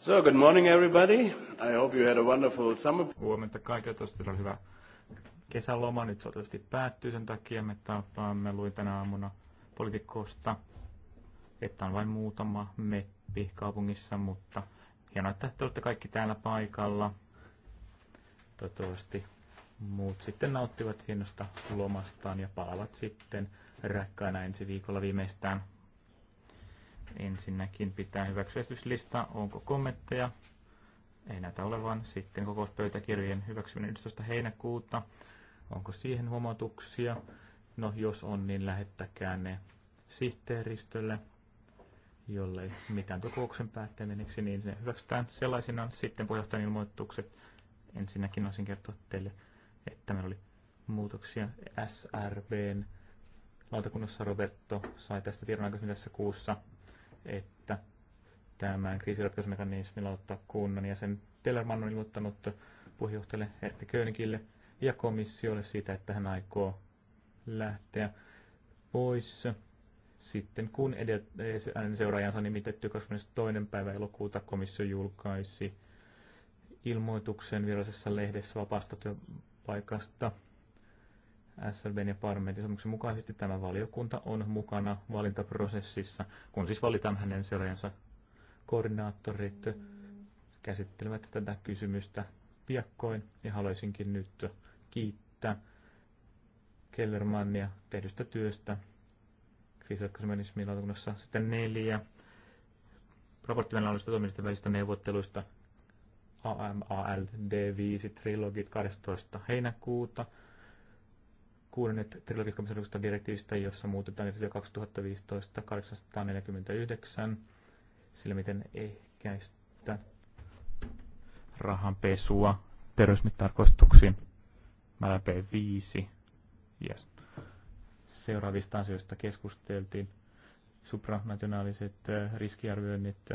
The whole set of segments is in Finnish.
So, good morning everybody. I hope you had a wonderful summer. Huomenta kaikille, tosi hyvä kesäloma. Nyt se päättyy sen takia, me tapaamme luin tänä aamuna poliitikosta, että on vain muutama meppi kaupungissa, mutta hienoa, että te olette kaikki täällä paikalla. Toivottavasti muut sitten nauttivat hienosta lomastaan ja palavat sitten rakkaina ensi viikolla viimeistään. Ensinnäkin pitää hyväksyä Onko kommentteja? Ei näitä olevan. Sitten kokouspöytäkirjeen hyväksyminen 11. heinäkuuta. Onko siihen huomautuksia? No jos on, niin lähettäkää ne sihteeristölle, jolle mitään kokouksen päättämiseksi, niin se hyväksytään sellaisinaan. Sitten puheenjohtajan ilmoitukset. Ensinnäkin olisin kertoa teille, että meillä oli muutoksia SRBn lautakunnassa Roberto sai tästä tiedon aikaisemmin tässä kuussa että tämän kriisiratkaisumekanismilla ottaa kunnan ja sen Tellerman on ilmoittanut puheenjohtajalle Erkki Königille ja komissiolle siitä, että hän aikoo lähteä pois sitten kun edellinen seuraajansa on nimitetty 22. päivä elokuuta komissio julkaisi ilmoituksen virallisessa lehdessä vapaasta työpaikasta SLBn ja parlamentin sopimuksen mukaisesti tämä valiokunta on mukana valintaprosessissa, kun siis valitaan hänen seuraajansa koordinaattorit käsittelevät tätä kysymystä piakkoin ja haluaisinkin nyt kiittää Kellermannia tehdystä työstä kriisiratkaisumenismin lautakunnassa. Sitten neljä raporttivenäläisistä toimijoista välistä neuvotteluista AMALD5 trilogit 12. heinäkuuta kuudennet trilogiskamisen direktiivistä, jossa muutetaan 2015 849 sillä miten ehkäistä rahanpesua terrorismitarkoituksiin. mä p viisi, Yes. Seuraavista asioista keskusteltiin supranationaaliset äh, riskiarvioinnit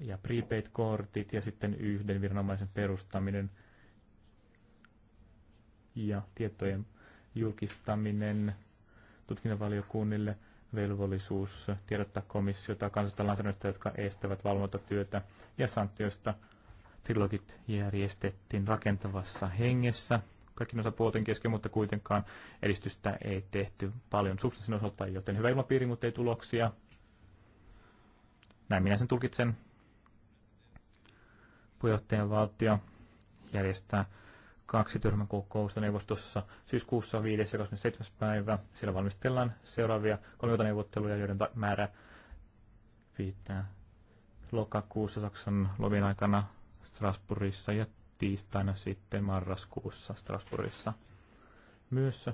ja prepaid-kortit ja sitten yhden viranomaisen perustaminen ja tietojen julkistaminen tutkintavaliokunnille, velvollisuus tiedottaa komissiota kansallista lainsäädännöstä, jotka estävät valvontatyötä ja sanktioista. Trilogit järjestettiin rakentavassa hengessä osa puolten kesken, mutta kuitenkaan edistystä ei tehty paljon substanssin osalta, joten hyvä ilmapiiri, mutta ei tuloksia. Näin minä sen tulkitsen. Puheenjohtajan valtio järjestää kaksi työryhmäkokousta neuvostossa syyskuussa 5. ja 27. päivä. Siellä valmistellaan seuraavia neuvotteluja joiden määrä viittää lokakuussa Saksan lovin aikana Strasbourgissa ja tiistaina sitten marraskuussa Strasbourgissa. Myös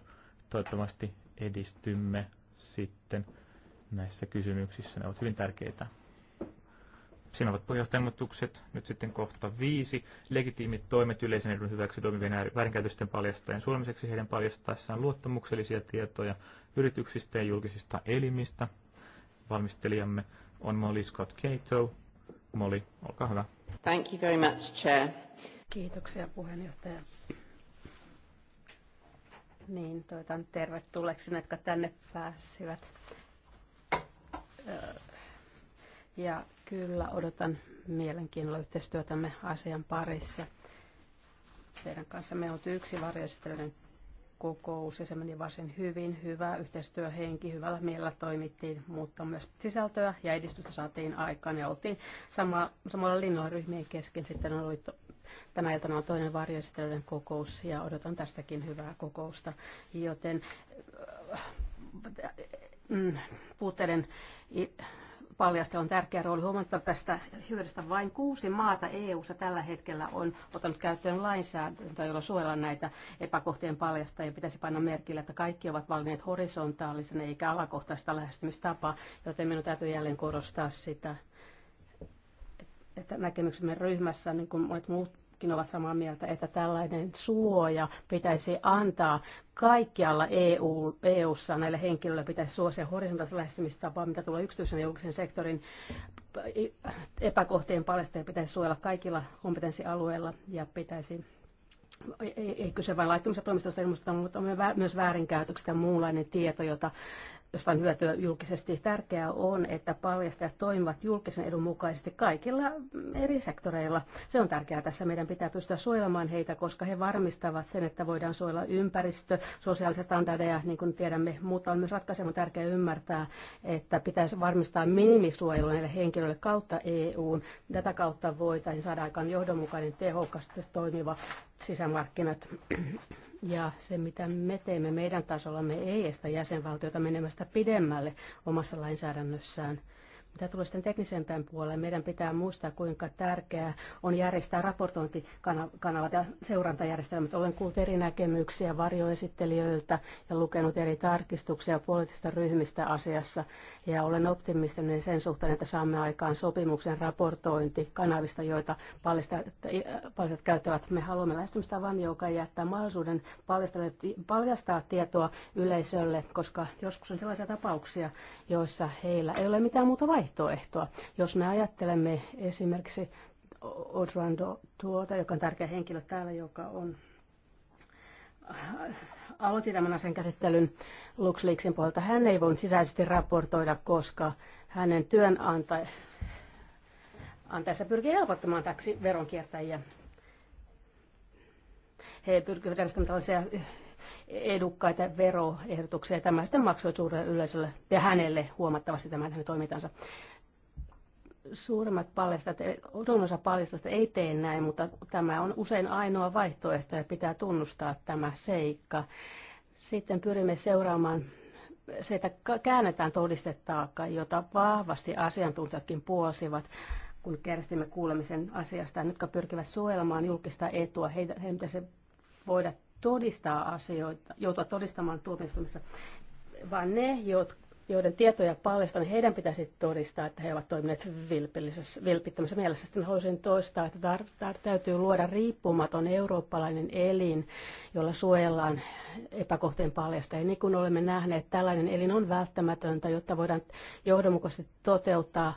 toivottavasti edistymme sitten näissä kysymyksissä. Ne ovat hyvin tärkeitä. Siinä ovat puheenjohtajamotukset. Nyt sitten kohta viisi. Legitiimit toimet yleisen edun hyväksi toimivien väärinkäytösten paljastajien suomiseksi heidän paljastaessaan luottamuksellisia tietoja yrityksistä ja julkisista elimistä. Valmistelijamme on Molly Scott Cato. Molly, olkaa hyvä. Thank you very much, Chair. Kiitoksia puheenjohtaja. Niin, toivotan tervetulleeksi jotka tänne pääsivät. Ja Kyllä, odotan mielenkiinnolla yhteistyötämme asian parissa. Teidän kanssa me on yksi varjoesittelyiden kokous ja se meni varsin hyvin. Hyvä yhteistyöhenki, hyvällä mielellä toimittiin, mutta myös sisältöä ja edistystä saatiin aikaan ja oltiin sama, samalla linjalla ryhmien kesken. Sitten on ollut tänä iltana on toinen varjoesittelyiden kokous ja odotan tästäkin hyvää kokousta, joten äh, mm, puutteiden paljastaa on tärkeä rooli. huomata tästä hyödystä vain kuusi maata EU-ssa tällä hetkellä on ottanut käyttöön lainsäädäntöä, jolla suojellaan näitä epäkohtien ja Pitäisi panna merkillä, että kaikki ovat valinneet horisontaalisen eikä alakohtaista lähestymistapaa, joten minun täytyy jälleen korostaa sitä, että näkemyksemme ryhmässä, niin kuin monet muut Kaikkikin ovat samaa mieltä, että tällainen suoja pitäisi antaa kaikkialla EU, EU-ssa näille henkilöille pitäisi suosia horisontaalista lähestymistapaa, mitä tulee yksityisen ja julkisen sektorin epäkohtien ja pitäisi suojella kaikilla kompetenssialueilla ja pitäisi ei, ei kyse vain laittumista toimistosta ilmoista, mutta myös väärinkäytöksistä ja muunlainen tieto, jota josta on hyötyä julkisesti. Tärkeää on, että paljastajat toimivat julkisen edun mukaisesti kaikilla eri sektoreilla. Se on tärkeää tässä. Meidän pitää pystyä suojelemaan heitä, koska he varmistavat sen, että voidaan suojella ympäristö, sosiaalisia standardeja, niin kuin tiedämme, mutta on myös ratkaisemaan tärkeää ymmärtää, että pitäisi varmistaa minimisuojelu näille henkilöille kautta EUn. Tätä kautta voitaisiin saada aikaan johdonmukainen, tehokas, toimiva sisämarkkinat ja se, mitä me teemme meidän tasollamme, ei estä jäsenvaltiota menemästä pidemmälle omassa lainsäädännössään – mitä tulee sitten teknisempään puoleen, meidän pitää muistaa, kuinka tärkeää on järjestää raportointikanavat ja seurantajärjestelmät. Olen kuullut eri näkemyksiä varjoesittelijöiltä ja lukenut eri tarkistuksia poliittisista ryhmistä asiassa. Ja olen optimistinen sen suhteen, että saamme aikaan sopimuksen raportointikanavista, joita paljastajat käyttävät. Me haluamme vain, joka jättää mahdollisuuden paljastaa tietoa yleisölle, koska joskus on sellaisia tapauksia, joissa heillä ei ole mitään muuta vaihtoehtoa vaihtoehtoa. Jos me ajattelemme esimerkiksi Orlando tuota, joka on tärkeä henkilö täällä, joka on äh, aloitti tämän asian käsittelyn LuxLeaksin puolelta. Hän ei voi sisäisesti raportoida, koska hänen työnantajansa pyrkii helpottamaan taksi veronkiertäjiä. He pyrkivät järjestämään tällaisia edukkaita veroehdotuksia. Tämä sitten maksoi suurelle yleisölle ja hänelle huomattavasti tämän hänen toimintansa. Suuremmat paljastajat, suurin osa paljastajista ei tee näin, mutta tämä on usein ainoa vaihtoehto ja pitää tunnustaa tämä seikka. Sitten pyrimme seuraamaan se, että käännetään todistetaakka, jota vahvasti asiantuntijatkin puosivat kun kärsimme kuulemisen asiasta, nyt pyrkivät suojelemaan julkista etua. Heitä, heidän se voidaan todistaa asioita, joutua todistamaan tuomioistuimessa, vaan ne, joiden tietoja paljastan, heidän pitäisi todistaa, että he ovat toimineet vilpittömässä mielessä. Sitten haluaisin toistaa, että tar- tar- täytyy luoda riippumaton eurooppalainen elin, jolla suojellaan epäkohteen paljasta. Ja niin kuin olemme nähneet, tällainen elin on välttämätöntä, jotta voidaan johdonmukaisesti toteuttaa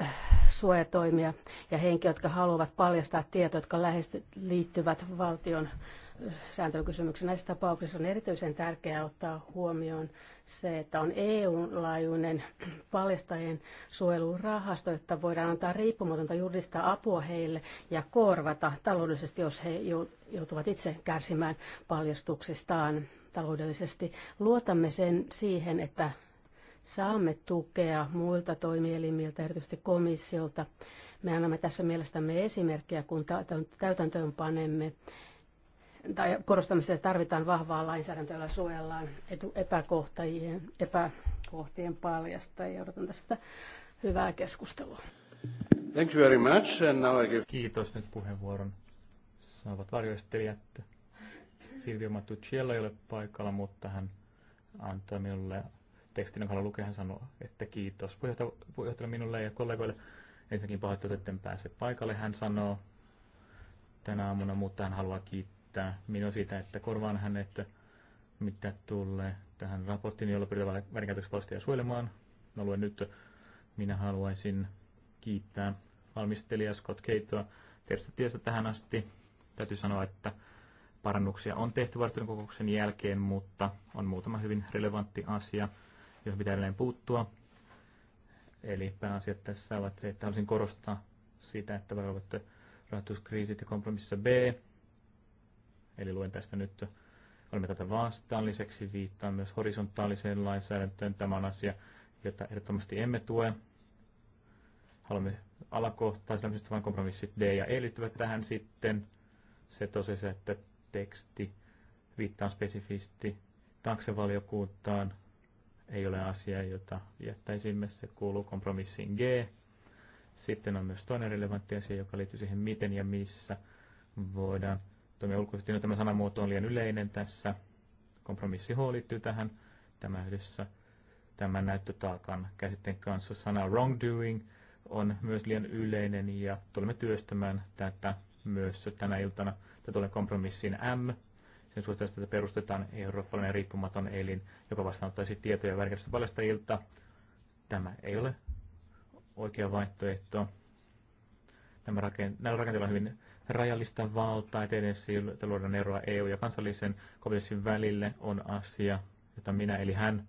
äh, suojatoimia ja henkiä, jotka haluavat paljastaa tietoja, jotka lähes liittyvät valtion sääntelykysymyksen. Näissä tapauksissa on erityisen tärkeää ottaa huomioon se, että on EU-laajuinen paljastajien suojelurahasto, että voidaan antaa riippumatonta juridista apua heille ja korvata taloudellisesti, jos he joutuvat itse kärsimään paljastuksistaan taloudellisesti. Luotamme sen siihen, että saamme tukea muilta toimielimiltä, erityisesti komissiolta. Me annamme tässä mielestämme esimerkkiä, kun täytäntöön panemme tai korostamista, että tarvitaan vahvaa lainsäädäntöä, jolla suojellaan epäkohtajien, epäkohtien paljasta. Ja odotan tästä hyvää keskustelua. Thank you very much. And now I give... Kiitos nyt puheenvuoron. Saavat varjoistelijat. Silvio Matucciello ei ole paikalla, mutta hän antaa minulle tekstin, jonka hän lukee, hän sanoi, että kiitos puheenjohtajalle minulle ja kollegoille. Ensinnäkin pahoittelut, en pääse paikalle, hän sanoo tänä aamuna, mutta hän haluaa kiittää kiittää minua siitä, että korvaan hänet, mitä tulee tähän raporttiin, jolla pyritään väärinkäytöksiä suojelemaan. Mä luen nyt. Minä haluaisin kiittää valmistelija Scott Keitoa tietysti tähän asti. Täytyy sanoa, että parannuksia on tehty varten kokouksen jälkeen, mutta on muutama hyvin relevantti asia, johon pitää edelleen puuttua. Eli pääasiat tässä ovat se, että haluaisin korostaa sitä, että varoivat rahoituskriisit ja kompromississa B Eli luen tästä nyt, olemme tätä vastaan lisäksi, viittaa myös horisontaaliseen lainsäädäntöön. Tämä on asia, jota ehdottomasti emme tue. Haluamme alakohtaisella, myös vain kompromissit D ja E liittyvät tähän sitten. Se tosiasia, että teksti viittaa spesifisti taksevaliokuntaan, ei ole asia, jota jättäisimme. Se kuuluu kompromissiin G. Sitten on myös toinen relevantti asia, joka liittyy siihen, miten ja missä voidaan toimia ulkoisesti. No, tämä sanamuoto on liian yleinen tässä. Kompromissi H liittyy tähän. Tämä yhdessä tämän näyttötaakan käsitteen kanssa sana wrongdoing on myös liian yleinen ja tulemme työstämään tätä myös tänä iltana. Tätä tulee kompromissiin M. Sen suhteen, että perustetaan eurooppalainen riippumaton elin, joka vastaanottaisi tietoja väärinkäytöstä paljastajilta. Tämä ei ole oikea vaihtoehto. Nämä rakenteilla on hyvin rajallista valtaa edessä, jotta luodaan eroa EU- ja kansallisen komission välille, on asia, jota minä eli hän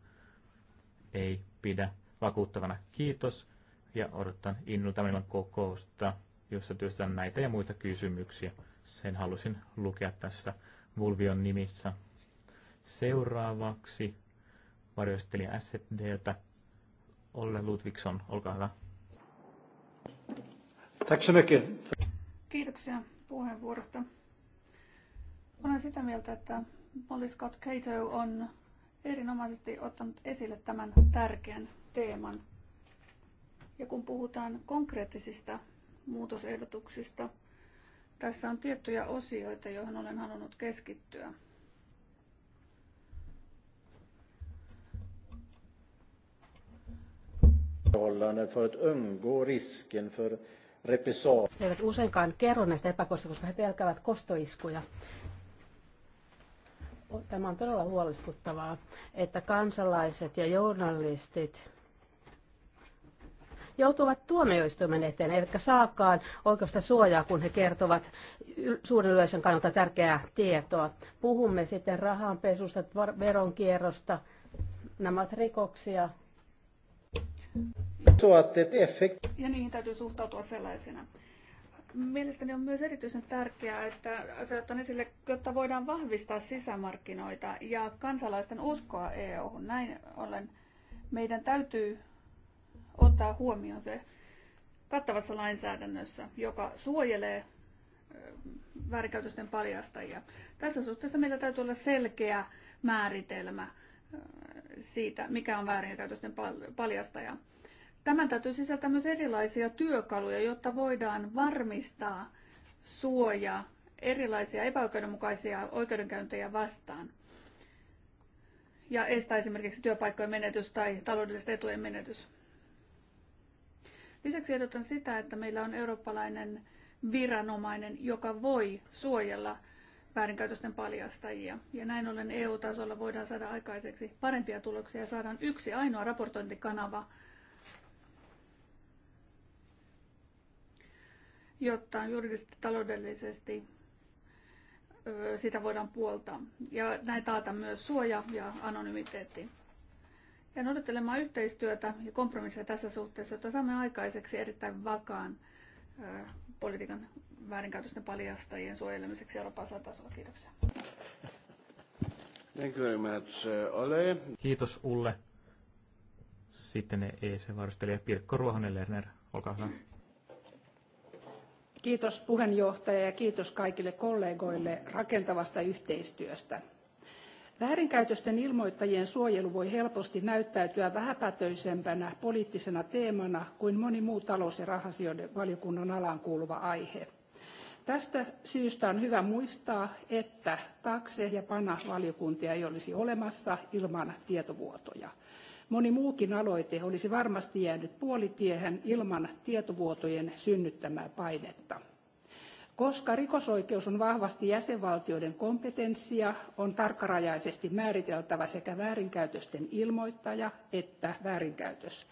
ei pidä vakuuttavana. Kiitos ja odotan innolla tämän kokousta, jossa työstetään näitä ja muita kysymyksiä. Sen halusin lukea tässä Vulvion nimissä. Seuraavaksi varjoistelija SDltä Olle Ludvigson, olkaa hyvä. Tack så mycket. Kiitoksia puheenvuorosta. Olen sitä mieltä, että Molly Scott Cato on erinomaisesti ottanut esille tämän tärkeän teeman. Ja kun puhutaan konkreettisista muutosehdotuksista, tässä on tiettyjä osioita, joihin olen halunnut keskittyä. för att undgå risken för he eivät useinkaan kerro näistä epäkoista, koska he pelkäävät kostoiskuja. Tämä on todella huolestuttavaa, että kansalaiset ja journalistit joutuvat tuomioistuimen eteen, eivätkä saakaan oikeasta suojaa, kun he kertovat suuren yleisön kannalta tärkeää tietoa. Puhumme sitten rahanpesusta, veronkierrosta. Nämä ovat rikoksia, ja niihin täytyy suhtautua sellaisena. Mielestäni on myös erityisen tärkeää, että otan esille, jotta voidaan vahvistaa sisämarkkinoita ja kansalaisten uskoa eu Näin ollen meidän täytyy ottaa huomioon se kattavassa lainsäädännössä, joka suojelee väärinkäytösten paljastajia. Tässä suhteessa meillä täytyy olla selkeä määritelmä siitä, mikä on väärinkäytösten paljastaja. Tämän täytyy sisältää myös erilaisia työkaluja, jotta voidaan varmistaa suoja erilaisia epäoikeudenmukaisia oikeudenkäyntejä vastaan ja estää esimerkiksi työpaikkojen menetys tai taloudellisten etujen menetys. Lisäksi ehdotan sitä, että meillä on eurooppalainen viranomainen, joka voi suojella väärinkäytösten paljastajia. Ja näin ollen EU-tasolla voidaan saada aikaiseksi parempia tuloksia ja saadaan yksi ainoa raportointikanava jotta juridisesti taloudellisesti sitä voidaan puoltaa. Ja näin taata myös suoja ja anonymiteetti. Ja noudattelemaan yhteistyötä ja kompromisseja tässä suhteessa, jotta saamme aikaiseksi erittäin vakaan politiikan väärinkäytösten paljastajien suojelemiseksi Euroopan tasolla. Kiitoksia. Thank you very much, uh, Ole. Kiitos Ulle. Sitten se e varustelija Pirkko Ruohonen-Lerner, olkaa hyvä. Kiitos puheenjohtaja ja kiitos kaikille kollegoille rakentavasta yhteistyöstä. Väärinkäytösten ilmoittajien suojelu voi helposti näyttäytyä vähäpätöisempänä poliittisena teemana kuin moni muu talous- ja rahasioiden valiokunnan alaan kuuluva aihe. Tästä syystä on hyvä muistaa, että takse ja pana valiokuntia ei olisi olemassa ilman tietovuotoja moni muukin aloite olisi varmasti jäänyt puolitiehen ilman tietovuotojen synnyttämää painetta. Koska rikosoikeus on vahvasti jäsenvaltioiden kompetenssia, on tarkkarajaisesti määriteltävä sekä väärinkäytösten ilmoittaja että väärinkäytös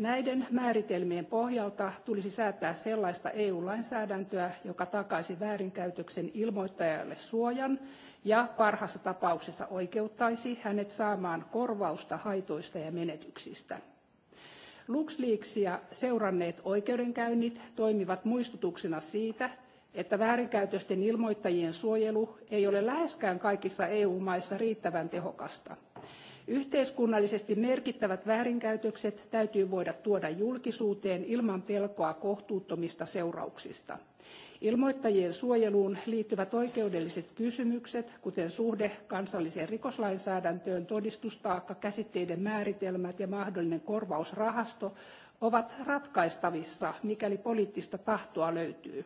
näiden määritelmien pohjalta tulisi säätää sellaista eu lainsäädäntöä joka takaisi väärinkäytöksen ilmoittajalle suojan ja parhaassa tapauksessa oikeuttaisi hänet saamaan korvausta haitoista ja menetyksistä. luxleaksia seuranneet oikeudenkäynnit toimivat muistutuksena siitä että väärinkäytösten ilmoittajien suojelu ei ole läheskään kaikissa eu maissa riittävän tehokasta yhteiskunnallisesti merkittävät väärinkäytökset täytyy voida tuoda julkisuuteen ilman pelkoa kohtuuttomista seurauksista. ilmoittajien suojeluun liittyvät oikeudelliset kysymykset kuten suhde kansalliseen rikoslainsäädäntöön todistustaakka käsitteiden määritelmät ja mahdollinen korvausrahasto ovat ratkaistavissa mikäli poliittista tahtoa löytyy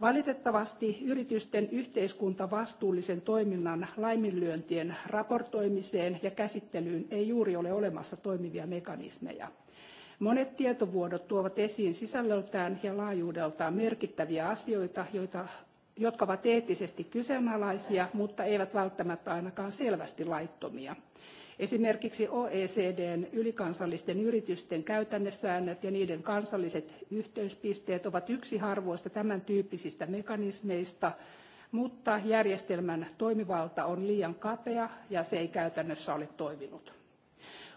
valitettavasti yritysten yhteiskuntavastuullisen toiminnan laiminlyöntien raportoimiseen ja käsittelyyn ei juuri ole olemassa toimivia mekanismeja. monet tietovuodot tuovat esiin sisällöltään ja laajuudeltaan merkittäviä asioita jotka ovat eettisesti kyseenalaisia mutta eivät välttämättä ainakaan selvästi laittomia. Esimerkiksi OECDn ylikansallisten yritysten käytännesäännöt ja niiden kansalliset yhteyspisteet ovat yksi harvoista tämän tyyppisistä mekanismeista, mutta järjestelmän toimivalta on liian kapea ja se ei käytännössä ole toiminut.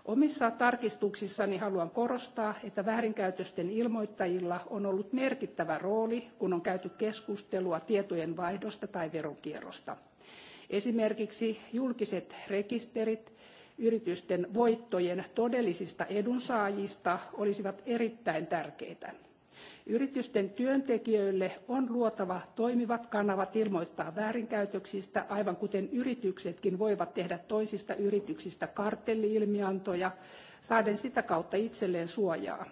Omissa tarkistuksissani haluan korostaa, että väärinkäytösten ilmoittajilla on ollut merkittävä rooli, kun on käyty keskustelua tietojen vaihdosta tai veronkierrosta. Esimerkiksi julkiset rekisterit yritysten voittojen todellisista edunsaajista olisivat erittäin tärkeitä. Yritysten työntekijöille on luotava toimivat kanavat ilmoittaa väärinkäytöksistä, aivan kuten yrityksetkin voivat tehdä toisista yrityksistä kartelliilmiantoja, saaden sitä kautta itselleen suojaa.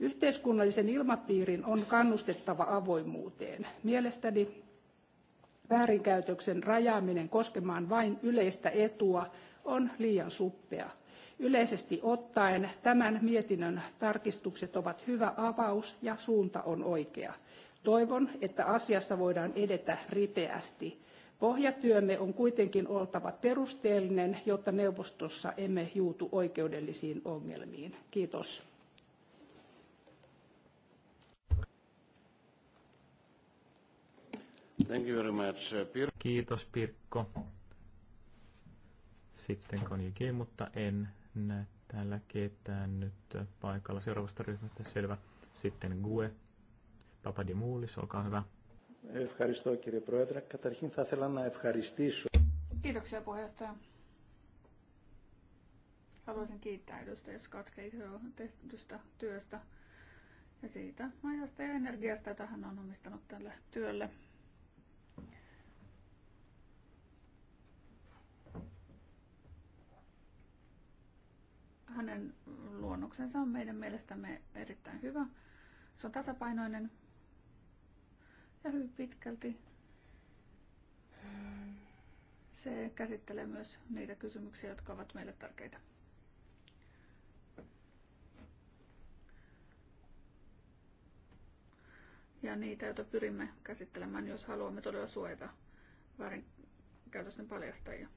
Yhteiskunnallisen ilmapiirin on kannustettava avoimuuteen. Mielestäni väärinkäytöksen rajaaminen koskemaan vain yleistä etua on liian suppea. Yleisesti ottaen tämän mietinnön tarkistukset ovat hyvä avaus ja suunta on oikea. Toivon, että asiassa voidaan edetä ripeästi. Pohjatyömme on kuitenkin oltava perusteellinen, jotta neuvostossa emme juutu oikeudellisiin ongelmiin. Kiitos. Uh, Kiitos Pirkko. Sitten Konjuki, mutta en näe täällä ketään nyt paikalla seuraavasta ryhmästä. Selvä. Sitten Gue. Papadimoulis, olkaa hyvä. Ευχαριστώ κύριε Πρόεδρε. Καταρχήν θα ήθελα να ευχαριστήσω. Kiitoksia puheenjohtaja. Haluaisin kiittää edustaja Scott Cahill työstä ja siitä ajasta ja energiasta, jota hän on omistanut tälle työlle. hänen luonnoksensa on meidän mielestämme erittäin hyvä. Se on tasapainoinen ja hyvin pitkälti se käsittelee myös niitä kysymyksiä, jotka ovat meille tärkeitä. Ja niitä, joita pyrimme käsittelemään, jos haluamme todella suojata väärinkäytösten paljastajia.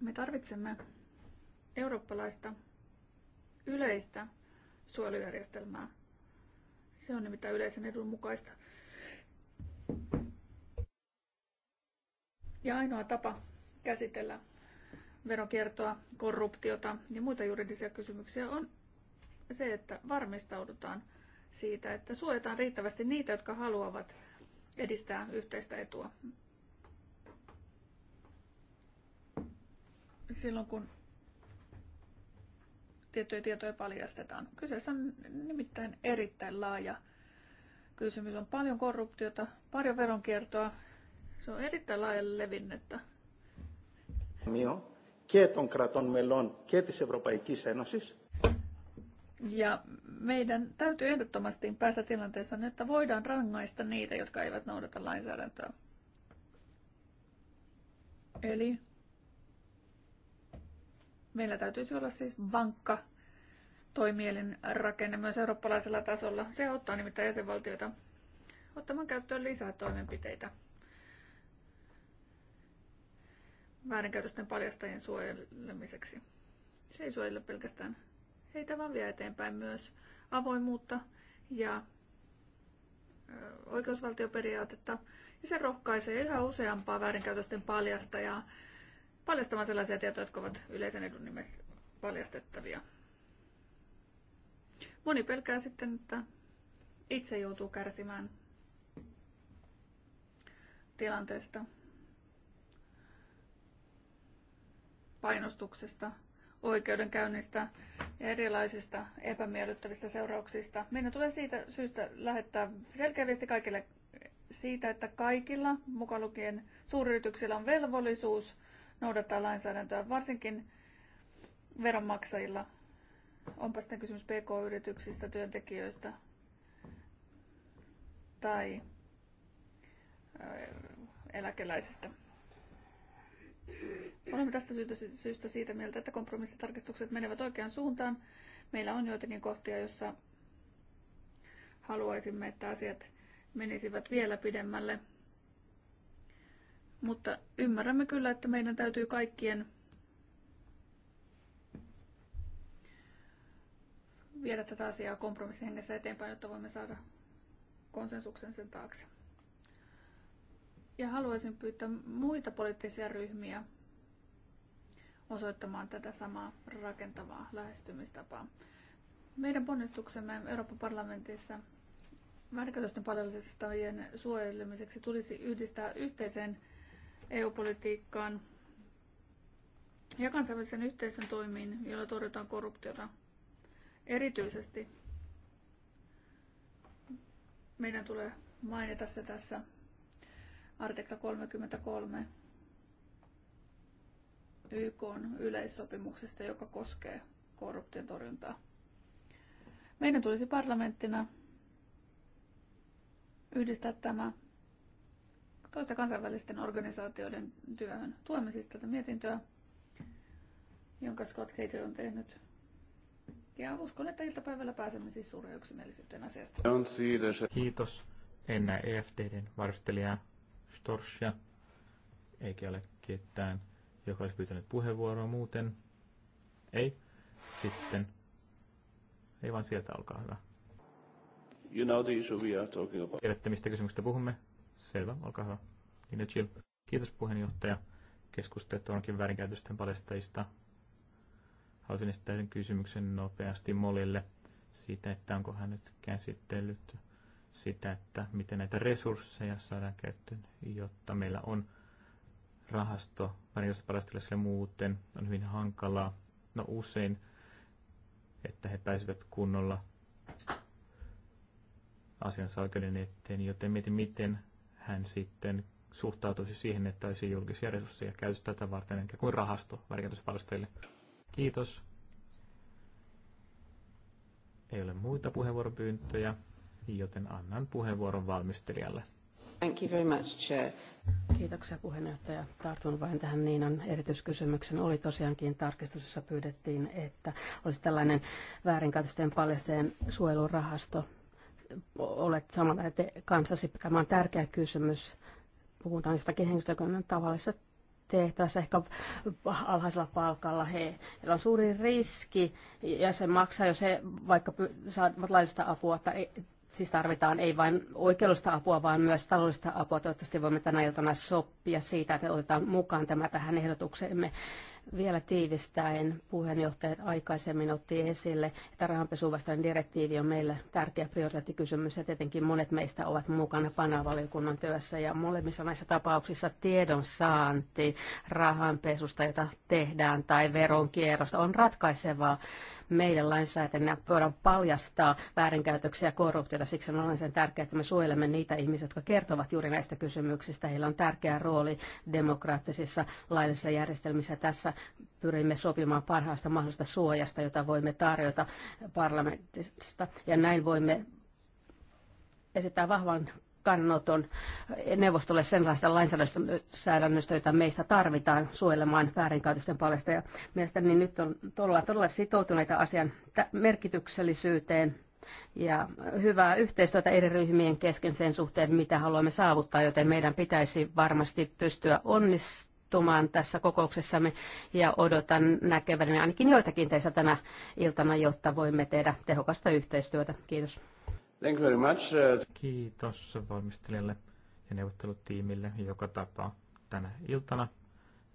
Me tarvitsemme eurooppalaista yleistä suojelujärjestelmää. Se on nimittäin yleisen edun mukaista. Ja ainoa tapa käsitellä verokiertoa, korruptiota ja muita juridisia kysymyksiä on se, että varmistaudutaan siitä, että suojataan riittävästi niitä, jotka haluavat edistää yhteistä etua. silloin, kun tiettyjä tietoja paljastetaan. Kyseessä on nimittäin erittäin laaja kysymys. On paljon korruptiota, paljon veronkiertoa. Se on erittäin laaja levinnettä. Mio και kraton meillä on, και Euroopan Ευρωπαϊκής Ja meidän täytyy ehdottomasti päästä tilanteessa, että voidaan rangaista niitä, jotka eivät noudata lainsäädäntöä. Eli Meillä täytyisi olla siis vankka toimielin rakenne myös eurooppalaisella tasolla. Se auttaa nimittäin jäsenvaltioita ottamaan käyttöön lisää toimenpiteitä väärinkäytösten paljastajien suojelemiseksi. Se ei suojele pelkästään heitä, vaan vie eteenpäin myös avoimuutta ja oikeusvaltioperiaatetta. Ja se rohkaisee yhä useampaa väärinkäytösten paljastajaa paljastamaan sellaisia tietoja, jotka ovat yleisen edun nimessä paljastettavia. Moni pelkää sitten, että itse joutuu kärsimään tilanteesta, painostuksesta, oikeudenkäynnistä ja erilaisista epämiellyttävistä seurauksista. Meidän tulee siitä syystä lähettää selkeä viesti kaikille siitä, että kaikilla, mukaan lukien suuryrityksillä, on velvollisuus noudattaa lainsäädäntöä, varsinkin veronmaksajilla. Onpa sitten kysymys pk-yrityksistä, työntekijöistä tai eläkeläisistä. Olemme tästä syystä siitä mieltä, että kompromissitarkistukset menevät oikeaan suuntaan. Meillä on joitakin kohtia, joissa haluaisimme, että asiat menisivät vielä pidemmälle. Mutta ymmärrämme kyllä, että meidän täytyy kaikkien viedä tätä asiaa kompromissihengessä eteenpäin, jotta voimme saada konsensuksen sen taakse. Ja haluaisin pyytää muita poliittisia ryhmiä osoittamaan tätä samaa rakentavaa lähestymistapaa. Meidän ponnistuksemme Euroopan parlamentissa väärinkäytösten palvelujen suojelemiseksi tulisi yhdistää yhteiseen EU-politiikkaan ja kansainvälisen yhteisön toimiin, joilla torjutaan korruptiota. Erityisesti meidän tulee mainita se tässä artikla 33 YK yleissopimuksesta, joka koskee korruption torjuntaa. Meidän tulisi parlamenttina yhdistää tämä toista kansainvälisten organisaatioiden työhön. Tuemme siis tätä mietintöä, jonka Scott Cater on tehnyt. Ja uskon, että iltapäivällä pääsemme siis suureen yksimielisyyteen asiasta. Kiitos. En näe EFDn varustelijaa Storsia, eikä ole ketään, joka olisi pyytänyt puheenvuoroa muuten. Ei. Sitten. Ei vaan sieltä, olkaa hyvä. You know the issue we are talking about. Tiedätte, mistä kysymyksestä puhumme? Selvä, olkaa hyvä. Linda niin, Chill. Kiitos puheenjohtaja. Keskustelut onkin väärinkäytösten paljastajista. Haluaisin esittää sen kysymyksen nopeasti Molille siitä, että onko hän nyt käsitellyt sitä, että miten näitä resursseja saadaan käyttöön, jotta meillä on rahasto väärinkäytösten paljastajille, sillä muuten on hyvin hankalaa. No usein, että he pääsevät kunnolla asiansa oikeuden eteen, joten mietin, miten hän sitten suhtautuisi siihen, että olisi julkisia resursseja käytössä tätä varten, enkä kuin rahasto värkätyspalstoille. Kiitos. Ei ole muita puheenvuoropyyntöjä, joten annan puheenvuoron valmistelijalle. Thank you very much, Chair. Kiitoksia puheenjohtaja. Tartun vain tähän Niinan erityiskysymyksen. Oli tosiaankin tarkistus, jossa pyydettiin, että olisi tällainen väärinkäytösten paljastajien suojelurahasto olet samalla mieltä kanssasi. Tämä on tärkeä kysymys. Puhutaan jostakin henkilöstä, tavallisessa tehtävässä ehkä alhaisella palkalla. He, heillä on suuri riski ja se maksaa, jos he vaikka saavat laillista apua tai siis tarvitaan ei vain oikeudellista apua, vaan myös taloudellista apua. Toivottavasti voimme tänä iltana sopia siitä, että otetaan mukaan tämä tähän ehdotukseemme. Vielä tiivistäen puheenjohtajat aikaisemmin otti esille, että rahanpesuvastainen direktiivi on meille tärkeä prioriteettikysymys ja tietenkin monet meistä ovat mukana panavaliokunnan työssä ja molemmissa näissä tapauksissa tiedon saanti rahanpesusta, jota tehdään tai veronkierrosta on ratkaisevaa meidän lainsäätäjänä voidaan paljastaa väärinkäytöksiä ja korruptiota. Siksi on sen tärkeää, että me suojelemme niitä ihmisiä, jotka kertovat juuri näistä kysymyksistä. Heillä on tärkeä rooli demokraattisissa laillisissa järjestelmissä. Tässä pyrimme sopimaan parhaasta mahdollisesta suojasta, jota voimme tarjota parlamentista. Ja näin voimme esittää vahvan kannanoton neuvostolle sellaista lainsäädännöstä, jota meistä tarvitaan suojelemaan väärinkäytösten paljasta. Ja mielestäni nyt on todella, todella sitoutuneita asian merkityksellisyyteen ja hyvää yhteistyötä eri ryhmien kesken sen suhteen, mitä haluamme saavuttaa, joten meidän pitäisi varmasti pystyä onnistumaan tässä kokouksessamme ja odotan näkeväni ainakin joitakin teistä tänä iltana, jotta voimme tehdä tehokasta yhteistyötä. Kiitos. Thank you very much. Uh, Kiitos valmistelijalle ja neuvottelutiimille joka tapaa tänä iltana.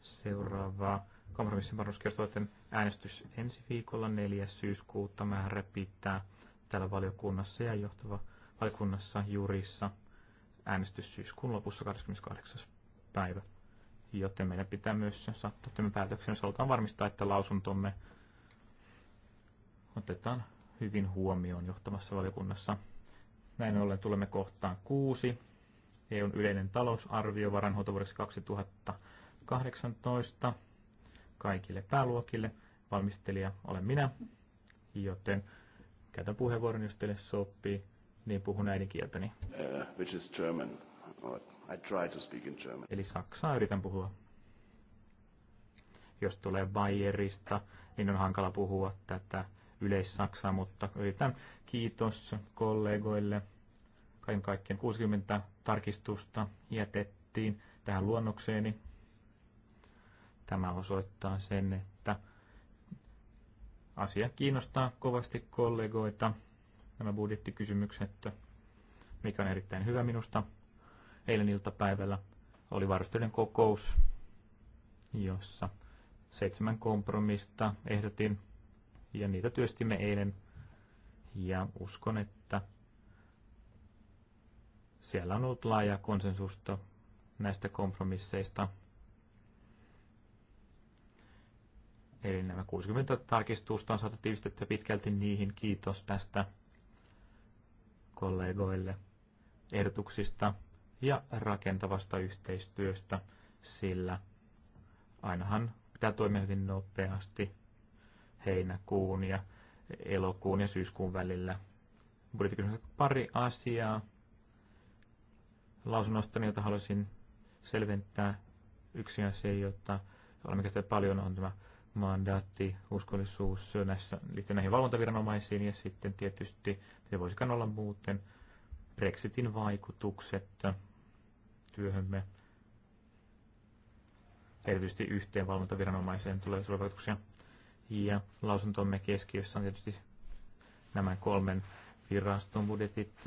Seuraavaa kompromissin varmuuskertoisten äänestys ensi viikolla 4. syyskuuta määrä pitää täällä valiokunnassa ja johtava valiokunnassa juurissa äänestys syyskuun lopussa 28. päivä. Joten meidän pitää myös saattaa tämän päätöksen, jos halutaan varmistaa, että lausuntomme otetaan hyvin huomioon johtavassa valiokunnassa. Näin ollen tulemme kohtaan kuusi. EUn yleinen talousarvio varanhoitovuodeksi 2018 kaikille pääluokille. Valmistelija olen minä, joten käytän puheenvuoron, jos teille sopii, niin puhun äidinkieltäni. Uh, which is German. I try to speak in German. Eli saksaa yritän puhua. Jos tulee Bayerista, niin on hankala puhua tätä yleissaksaa, mutta yritän kiitos kollegoille. Kaiken kaikkiaan 60 tarkistusta jätettiin tähän luonnokseeni. Tämä osoittaa sen, että asia kiinnostaa kovasti kollegoita, nämä budjettikysymykset, mikä on erittäin hyvä minusta. Eilen iltapäivällä oli varusteiden kokous, jossa seitsemän kompromista ehdotin ja niitä työstimme eilen. Ja uskon, että siellä on ollut laaja konsensusta näistä kompromisseista. Eli nämä 60 tarkistusta on saatu tiivistettyä pitkälti niihin. Kiitos tästä kollegoille ehdotuksista ja rakentavasta yhteistyöstä, sillä ainahan pitää toimia hyvin nopeasti heinäkuun ja elokuun ja syyskuun välillä. Budjettikysymys pari asiaa lausunnostani, jota haluaisin selventää. Yksi asia, jota olemme käsitelleet paljon, on tämä mandaatti, uskollisuus näissä, liittyen näihin valvontaviranomaisiin ja sitten tietysti, mitä voisikaan olla muuten, Brexitin vaikutukset työhömme. Erityisesti yhteen valvontaviranomaiseen tulee vaikutuksia. Ja lausuntomme keskiössä on tietysti nämä kolmen viraston budjetit.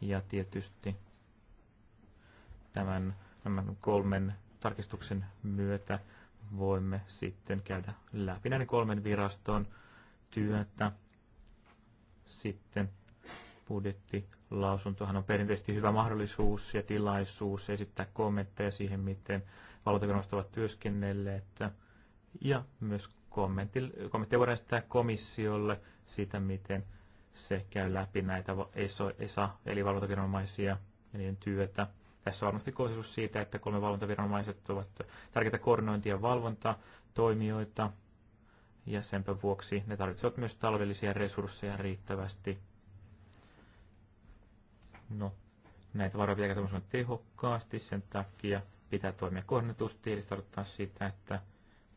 Ja tietysti tämän, tämän kolmen tarkistuksen myötä voimme sitten käydä läpi näiden kolmen viraston työtä. Sitten budjettilausuntohan on perinteisesti hyvä mahdollisuus ja tilaisuus esittää kommentteja siihen, miten valvontaviranomaiset ovat työskennelleet. Ja myös kommentti voidaan esittää komissiolle siitä, miten se käy läpi näitä ESO, ESA, eli valvontaviranomaisia ja niiden työtä. Tässä on varmasti konsensus siitä, että kolme valvontaviranomaiset ovat tärkeitä koordinointi- ja valvontatoimijoita, ja senpä vuoksi ne tarvitsevat myös talvellisia resursseja riittävästi. No, näitä varoja pitää tehokkaasti sen takia, pitää toimia kohdennetusti, eli tarkoittaa sitä, että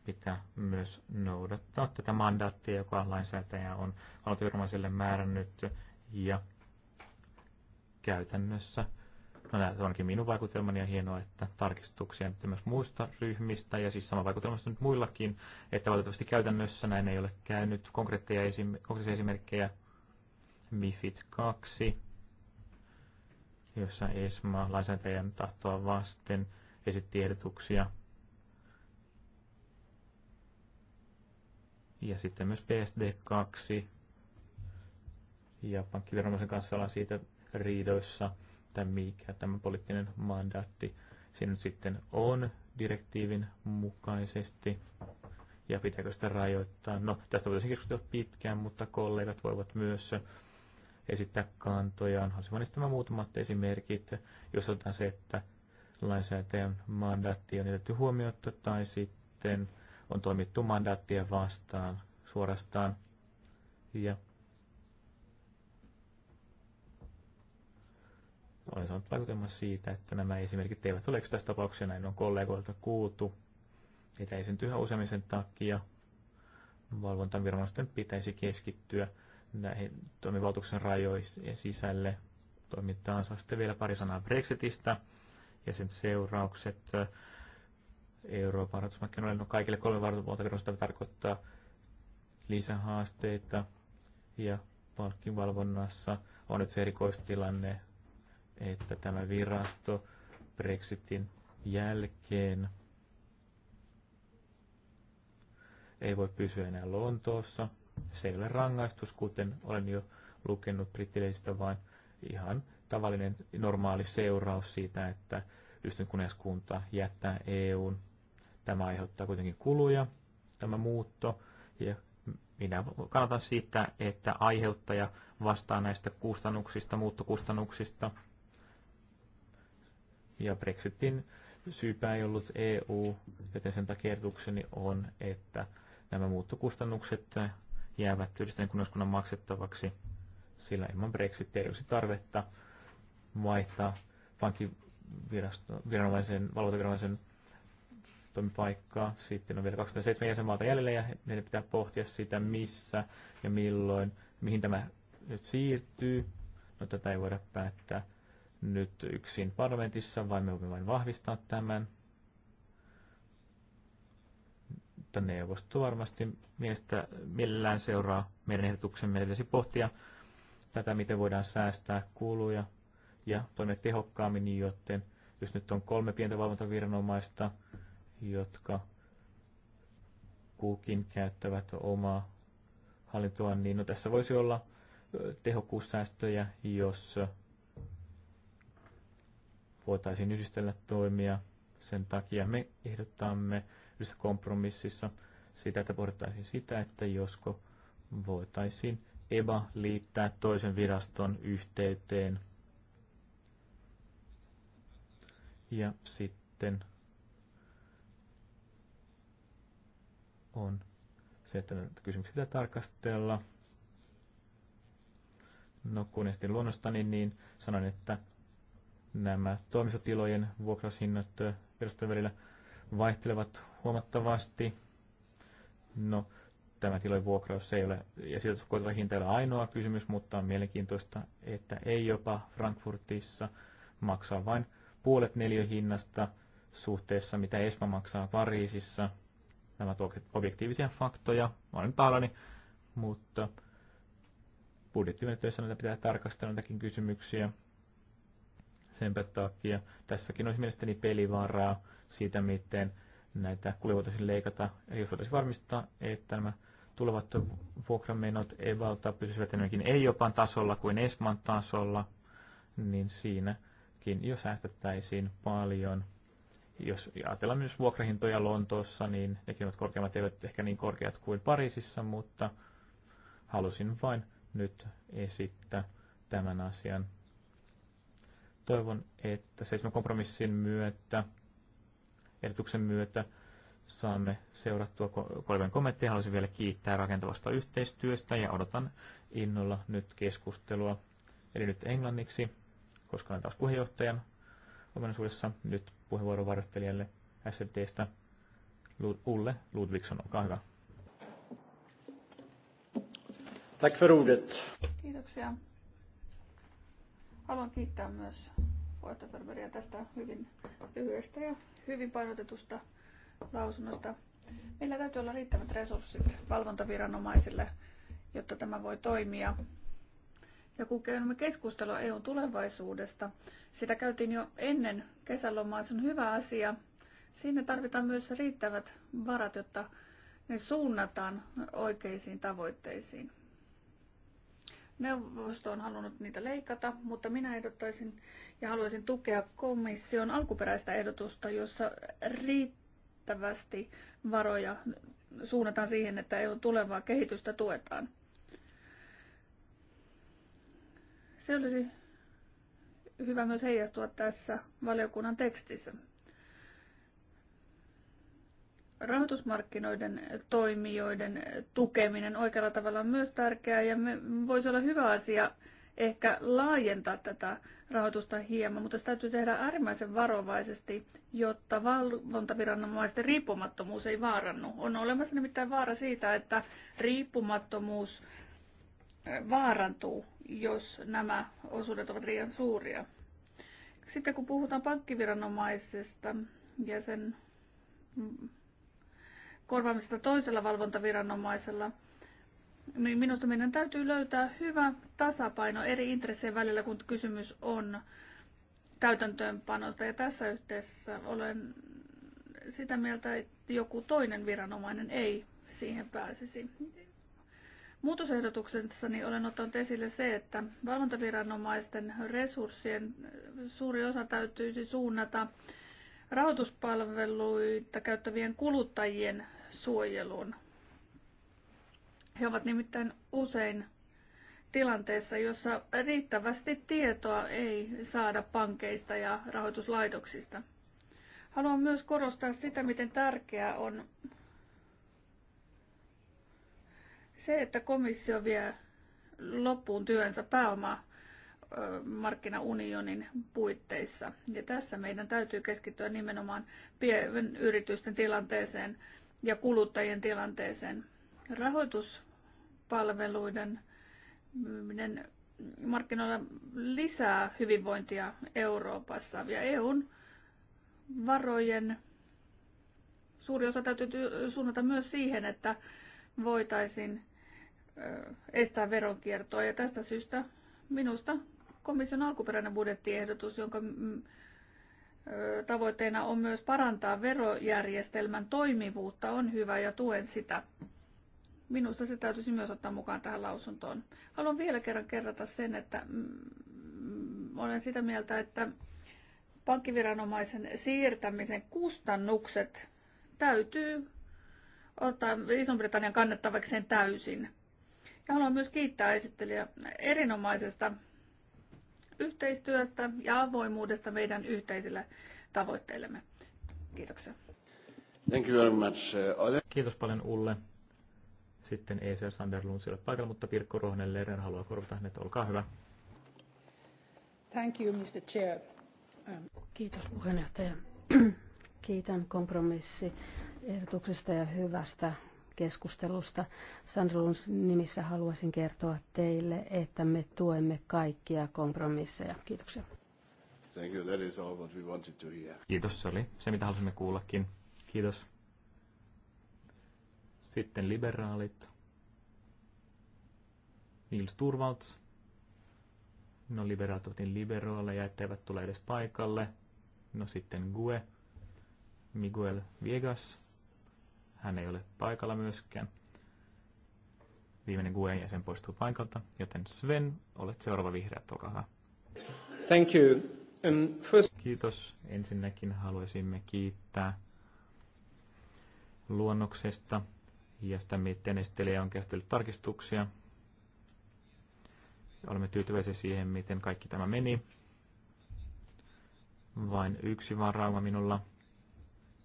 pitää myös noudattaa tätä mandaattia, joka lainsäätäjä on valtioviranomaiselle määrännyt. Ja käytännössä, no näin, se onkin minun vaikutelmani ja hienoa, että tarkistuksia nyt myös muista ryhmistä ja siis sama vaikutelma nyt muillakin, että valitettavasti käytännössä näin ei ole käynyt. konkreettisia, esim- konkreettisia esimerkkejä MIFID 2, jossa ESMA lainsäätäjän tahtoa vasten – esitti ehdotuksia. Ja sitten myös PSD2. Ja pankkiviranomaisen kanssa ollaan siitä riidoissa, että mikä tämä poliittinen mandaatti siinä nyt sitten on direktiivin mukaisesti ja pitääkö sitä rajoittaa. No, tästä voitaisiin keskustella pitkään, mutta kollegat voivat myös esittää kantojaan. Haluaisin vain muutamat esimerkit, jos otetaan se, että lainsäätäjän mandaattia on jätetty huomiota tai sitten on toimittu mandaattia vastaan suorastaan. Ja olen saanut vaikutelman siitä, että nämä esimerkit eivät ole tapauksessa, näin on kollegoilta kuultu. Niitä esiintyy yhä useamisen takia. Valvontaviranomaisten pitäisi keskittyä näihin toimivaltuuksen rajoihin sisälle toimintaansa. Sitten vielä pari sanaa Brexitistä ja sen seuraukset Euroopan rahoitusmarkkinoille. No kaikille kolme valvontaviranomaista tarkoittaa lisähaasteita ja pankkivalvonnassa on nyt se erikoistilanne, että tämä virasto Brexitin jälkeen ei voi pysyä enää Lontoossa. Se ei ole rangaistus, kuten olen jo lukenut brittiläisistä, vaan ihan tavallinen normaali seuraus siitä, että yhdistynyt jättää EUn. Tämä aiheuttaa kuitenkin kuluja, tämä muutto, ja minä kannatan siitä, että aiheuttaja vastaa näistä kustannuksista, muuttokustannuksista. Ja Brexitin syypää ei ollut EU, joten sen takia on, että nämä muuttokustannukset jäävät yhdistyneen kunnan maksettavaksi, sillä ilman Brexit ei olisi tarvetta vaihtaa pankkiviranomaisen, valvontaviranomaisen toimipaikkaa. Sitten on vielä 27 jäsenmaata jäljellä ja meidän pitää pohtia sitä, missä ja milloin, mihin tämä nyt siirtyy. No tätä ei voida päättää nyt yksin parlamentissa, vaan me voimme vain vahvistaa tämän. Mutta neuvosto varmasti mielestä mielellään seuraa meidän ehdotuksemme, eli pohtia tätä, miten voidaan säästää kuluja ja toimia tehokkaammin, joten jos nyt on kolme pientä valvontaviranomaista, jotka kukin käyttävät omaa hallintoa, niin no tässä voisi olla tehokkuussäästöjä, jos voitaisiin yhdistellä toimia. Sen takia me ehdottamme yhdessä kompromississa sitä, että pohdittaisiin sitä, että josko voitaisiin EBA liittää toisen viraston yhteyteen – Ja sitten on se, että kysymyksiä pitää tarkastella. No kun esitin luonnostani, niin sanoin, että nämä toimistotilojen vuokraushinnat virastojen välillä vaihtelevat huomattavasti. No, tämä tilojen vuokraus ei ole, ja siitä koituva hinta ei ole ainoa kysymys, mutta on mielenkiintoista, että ei jopa Frankfurtissa maksaa vain puolet neliöhinnasta suhteessa, mitä Espa maksaa Pariisissa. Nämä ovat objektiivisia faktoja, olen pahoillani, mutta budjettimenettöissä näitä pitää tarkastella näitäkin kysymyksiä. Sen takia tässäkin olisi mielestäni pelivaraa siitä, miten näitä kuluja voitaisiin leikata. Eli jos voitaisiin varmistaa, että nämä tulevat vuokramenot eivät pysyisivät enemmänkin ei jopa tasolla kuin Esman tasolla, niin siinä – Todellakin, jo säästettäisiin paljon, jos ajatellaan myös vuokrahintoja Lontoossa, niin nekin ovat korkeammat, eivät ehkä niin korkeat kuin Pariisissa, mutta halusin vain nyt esittää tämän asian. Toivon, että seitsemän kompromissin myötä, ehdotuksen myötä, saamme seurattua kolmen kommentteja. Haluaisin vielä kiittää rakentavasta yhteistyöstä ja odotan innolla nyt keskustelua. Eli nyt englanniksi koska olen taas puheenjohtajan ominaisuudessa nyt puheenvuoron varustelijalle SFTstä Ulle Ludvigsson, olkaa hyvä. Tack för ordet. Kiitoksia. Haluan kiittää myös Voittaferberia tästä hyvin lyhyestä ja hyvin painotetusta lausunnosta. Meillä täytyy olla riittävät resurssit valvontaviranomaisille, jotta tämä voi toimia ja kun käymme keskustelua EUn tulevaisuudesta, sitä käytiin jo ennen kesälomaa, se on hyvä asia. Siinä tarvitaan myös riittävät varat, jotta ne suunnataan oikeisiin tavoitteisiin. Neuvosto on halunnut niitä leikata, mutta minä ehdottaisin ja haluaisin tukea komission alkuperäistä ehdotusta, jossa riittävästi varoja suunnataan siihen, että EUn tulevaa kehitystä tuetaan. Se olisi hyvä myös heijastua tässä valiokunnan tekstissä. Rahoitusmarkkinoiden toimijoiden tukeminen oikealla tavalla on myös tärkeää ja me, voisi olla hyvä asia ehkä laajentaa tätä rahoitusta hieman, mutta se täytyy tehdä äärimmäisen varovaisesti, jotta valvontaviranomaisten riippumattomuus ei vaarannu. On olemassa nimittäin vaara siitä, että riippumattomuus vaarantuu, jos nämä osuudet ovat liian suuria. Sitten kun puhutaan pankkiviranomaisesta ja sen korvaamista toisella valvontaviranomaisella, niin minusta meidän täytyy löytää hyvä tasapaino eri intressien välillä, kun kysymys on täytäntöönpanosta. Ja tässä yhteydessä olen sitä mieltä, että joku toinen viranomainen ei siihen pääsisi. Muutosehdotuksessani olen ottanut esille se, että valvontaviranomaisten resurssien äh, suuri osa täytyisi suunnata rahoituspalveluita käyttävien kuluttajien suojeluun. He ovat nimittäin usein tilanteessa, jossa riittävästi tietoa ei saada pankeista ja rahoituslaitoksista. Haluan myös korostaa sitä, miten tärkeää on se, että komissio vie loppuun työnsä pääoma markkinaunionin puitteissa. Ja tässä meidän täytyy keskittyä nimenomaan pienyritysten tilanteeseen ja kuluttajien tilanteeseen. Rahoituspalveluiden markkinoilla lisää hyvinvointia Euroopassa ja EUn varojen suuri osa täytyy suunnata myös siihen, että voitaisiin estää veronkiertoa. Ja tästä syystä minusta komission alkuperäinen budjettiehdotus, jonka mm, tavoitteena on myös parantaa verojärjestelmän toimivuutta, on hyvä ja tuen sitä. Minusta se täytyisi myös ottaa mukaan tähän lausuntoon. Haluan vielä kerran kerrata sen, että mm, mm, olen sitä mieltä, että pankkiviranomaisen siirtämisen kustannukset täytyy ottaa Ison-Britannian kannettavakseen täysin. Ja haluan myös kiittää esittelijä erinomaisesta yhteistyöstä ja avoimuudesta meidän yhteisille tavoitteillemme. Kiitoksia. Thank you very much, uh, Ole. Kiitos paljon Ulle. Sitten ECR Sanderlund siellä paikalla, mutta Pirkko Rohnen Leren haluaa korvata hänet. Olkaa hyvä. Thank you, Mr. Chair. Kiitos puheenjohtaja. Kiitän kompromissiehdotuksesta ja hyvästä keskustelusta. Sandrun nimissä haluaisin kertoa teille, että me tuemme kaikkia kompromisseja. Kiitoksia. Thank you. That is all what we wanted to hear. Kiitos, se oli se, mitä halusimme kuullakin. Kiitos. Sitten liberaalit. Nils Turvalds. No liberaalit ovat niin liberaaleja, etteivät tule edes paikalle. No sitten Gue. Miguel Viegas. Hän ei ole paikalla myöskään. Viimeinen Guen jäsen poistuu paikalta, joten Sven, olet seuraava vihreä, tokaha. hyvä. Thank you. Um, first... Kiitos. Ensinnäkin haluaisimme kiittää luonnoksesta ja sitä, miten esittelijä on käsitellyt tarkistuksia. Olemme tyytyväisiä siihen, miten kaikki tämä meni. Vain yksi varauma minulla.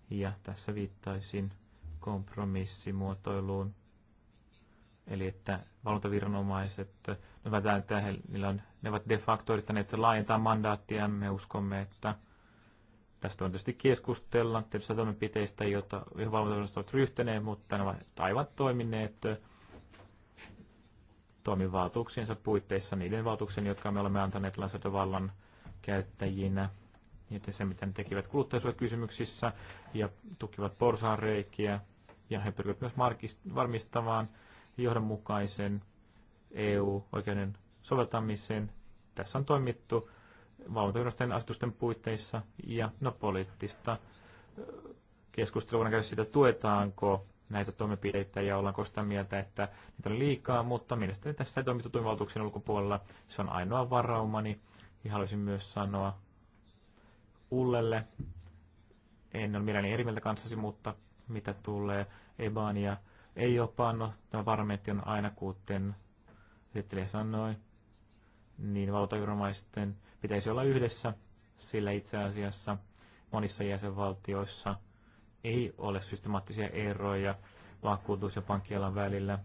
Ja tässä viittaisin kompromissimuotoiluun. Eli että valvontaviranomaiset, ne, ovat, että he, on, ne ovat de facto yrittäneet laajentaa mandaattia. Me uskomme, että tästä on tietysti keskustella tietysti toimenpiteistä, joita valvontaviranomaiset ovat ryhtyneet, mutta ne ovat aivan toimineet toimivaltuuksiensa puitteissa niiden valtuuksien, jotka me olemme antaneet lainsäädäntövallan käyttäjinä niin että se mitä ne tekivät kuluttajasuojakysymyksissä ja tukivat reikiä. ja he pyrkivät myös varmistamaan johdonmukaisen EU-oikeuden soveltamisen. Tässä on toimittu valvontaviranomaisten asetusten puitteissa ja no, poliittista keskustelua voidaan käydä siitä, tuetaanko näitä toimenpiteitä ja ollaanko sitä mieltä, että niitä on liikaa, mutta mielestäni tässä ei toimittu valtuuksien ulkopuolella. Se on ainoa varaumani ja haluaisin myös sanoa, Ullelle. En ole mielelläni eri mieltä kanssasi, mutta mitä tulee Ebaan ja ei ole panno, tämä parlamentti on aina kuten esittelijä sanoi, niin valtaviranomaisten pitäisi olla yhdessä, sillä itse asiassa monissa jäsenvaltioissa ei ole systemaattisia eroja vakuutus- ja pankkialan välillä.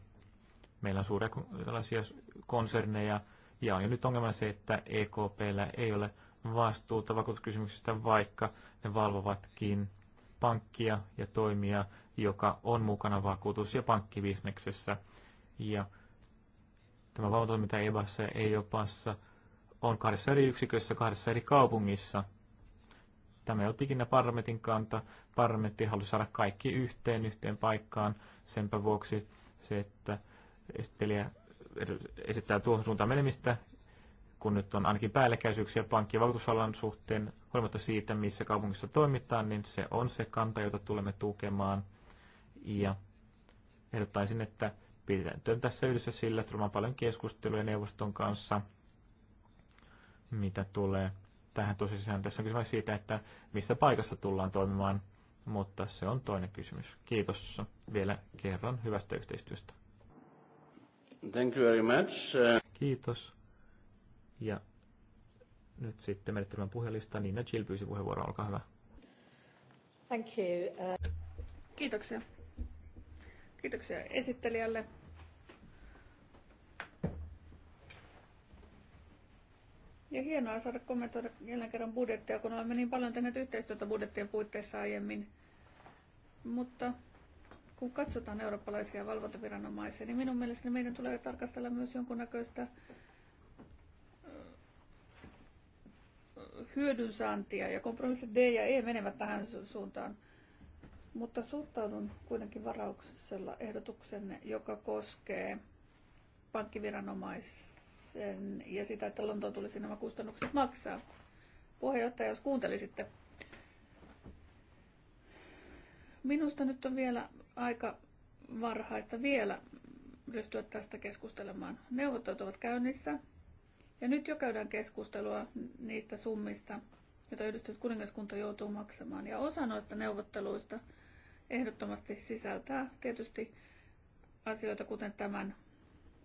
Meillä on suuria tällaisia konserneja, ja on jo nyt ongelma se, että EKPllä ei ole vastuuta vakuutuskysymyksistä, vaikka ne valvovatkin pankkia ja toimia, joka on mukana vakuutus- ja pankkibisneksessä. Ja tämä valvontoiminta EBAssa ja EIOPassa on kahdessa eri yksikössä, kahdessa eri kaupungissa. Tämä ei ollut ikinä parlamentin kanta. Parlamentti halusi saada kaikki yhteen, yhteen paikkaan. Senpä vuoksi se, että esittelijä esittää tuohon suuntaan menemistä kun nyt on ainakin päällekkäisyyksiä pankki- ja vakuutusalan suhteen, huolimatta siitä, missä kaupungissa toimitaan, niin se on se kanta, jota tulemme tukemaan. Ja ehdottaisin, että pidetään tässä yhdessä sillä, että on paljon keskusteluja neuvoston kanssa, mitä tulee tähän tosiaan. Tässä on kysymys siitä, että missä paikassa tullaan toimimaan, mutta se on toinen kysymys. Kiitos vielä kerran hyvästä yhteistyöstä. Thank you very much. Kiitos. Ja nyt sitten menettelemään puhelista. Niina Jill pyysi puheenvuoroa. Olkaa hyvä. Thank you. Uh... Kiitoksia. Kiitoksia esittelijälle. Ja hienoa saada kommentoida jälleen kerran budjettia, kun olemme niin paljon tehneet yhteistyötä budjettien puitteissa aiemmin. Mutta kun katsotaan eurooppalaisia valvontaviranomaisia, niin minun mielestäni meidän tulee tarkastella myös jonkunnäköistä näköistä saantia ja kompromissit D ja E menevät tähän suuntaan. Mutta suhtaudun kuitenkin varauksella ehdotuksenne, joka koskee pankkiviranomaisen ja sitä, että Lontoon tulisi nämä kustannukset maksaa. Puheenjohtaja, jos kuuntelisitte. Minusta nyt on vielä aika varhaista vielä ryhtyä tästä keskustelemaan. Neuvottelut ovat käynnissä ja nyt jo käydään keskustelua niistä summista, joita yhdistynyt kuningaskunta joutuu maksamaan. Ja osa noista neuvotteluista ehdottomasti sisältää tietysti asioita, kuten tämän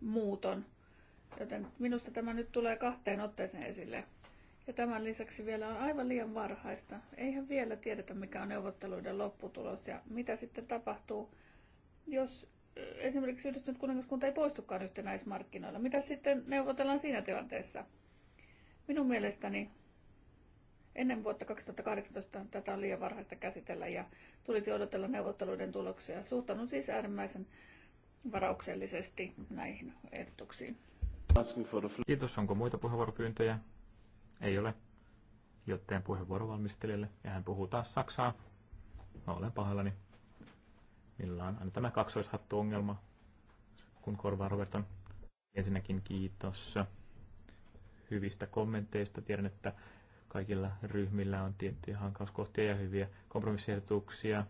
muuton. Joten minusta tämä nyt tulee kahteen otteeseen esille. Ja tämän lisäksi vielä on aivan liian varhaista. Eihän vielä tiedetä, mikä on neuvotteluiden lopputulos ja mitä sitten tapahtuu, jos esimerkiksi yhdistynyt kuningaskunta ei poistukaan yhtenäismarkkinoilla. Mitä sitten neuvotellaan siinä tilanteessa? Minun mielestäni ennen vuotta 2018 tätä on liian varhaista käsitellä ja tulisi odotella neuvotteluiden tuloksia. Suhtaudun siis äärimmäisen varauksellisesti näihin ehdotuksiin. Kiitos. Onko muita puheenvuoropyyntöjä? Ei ole. Joten puheenvuoro valmistelijalle ja hän puhuu taas Saksaa. Mä olen pahallani millä on aina tämä kaksoishattu-ongelma, kun korvaa Roberton. Ensinnäkin kiitos hyvistä kommenteista. Tiedän, että kaikilla ryhmillä on tiettyjä hankauskohtia ja hyviä kompromissiehdotuksia.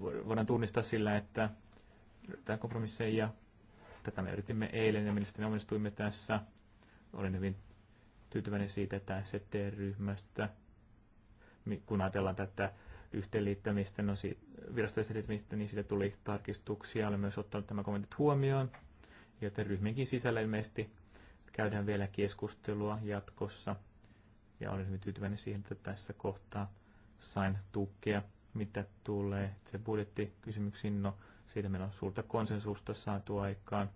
Voidaan tunnistaa sillä, että tämä kompromisseja, tätä me yritimme eilen ja mielestäni onnistuimme tässä. Olen hyvin tyytyväinen siitä, että ST-ryhmästä, kun ajatellaan tätä yhteenliittämistä, no virastojen liittämistä, niin siitä tuli tarkistuksia. Olen myös ottanut tämä kommentit huomioon, joten ryhmienkin sisällä ilmeisesti käydään vielä keskustelua jatkossa. Ja olen hyvin tyytyväinen siihen, että tässä kohtaa sain tukea, mitä tulee se budjettikysymyksiin. No, siitä meillä on suurta konsensusta saatu aikaan.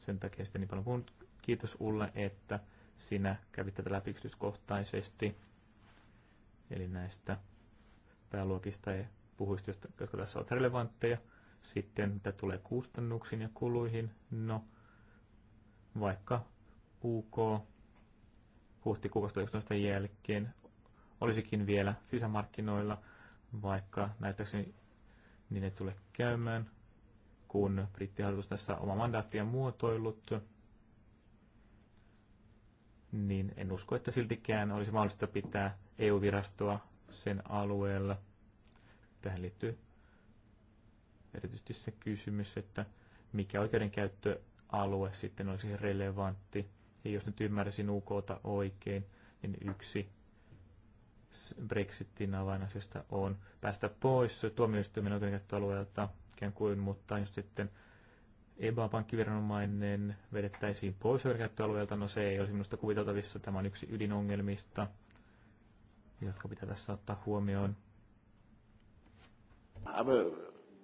Sen takia sitten niin paljon puhunut. Kiitos Ulle, että sinä kävit tätä läpi yksityiskohtaisesti. Eli näistä pääluokista ja puhuista, jotka tässä ovat relevantteja. Sitten mitä tulee kustannuksiin ja kuluihin, no vaikka UK huhtikuun jälkeen olisikin vielä sisämarkkinoilla, vaikka näyttäkseni niin ei tule käymään, kun brittihallitus tässä oma mandaattia muotoillut, niin en usko, että siltikään olisi mahdollista pitää EU-virastoa sen alueella. Tähän liittyy erityisesti se kysymys, että mikä oikeudenkäyttöalue sitten olisi relevantti. Ja jos nyt ymmärsin UKta oikein, niin yksi Brexitin avainasiasta on päästä pois tuomioistuimen oikeudenkäyttöalueelta ikään kuin, mutta jos sitten EBA-pankkiviranomainen vedettäisiin pois oikeudenkäyttöalueelta, no se ei olisi minusta kuviteltavissa, tämä on yksi ydinongelmista jotka pitää tässä ottaa huomioon.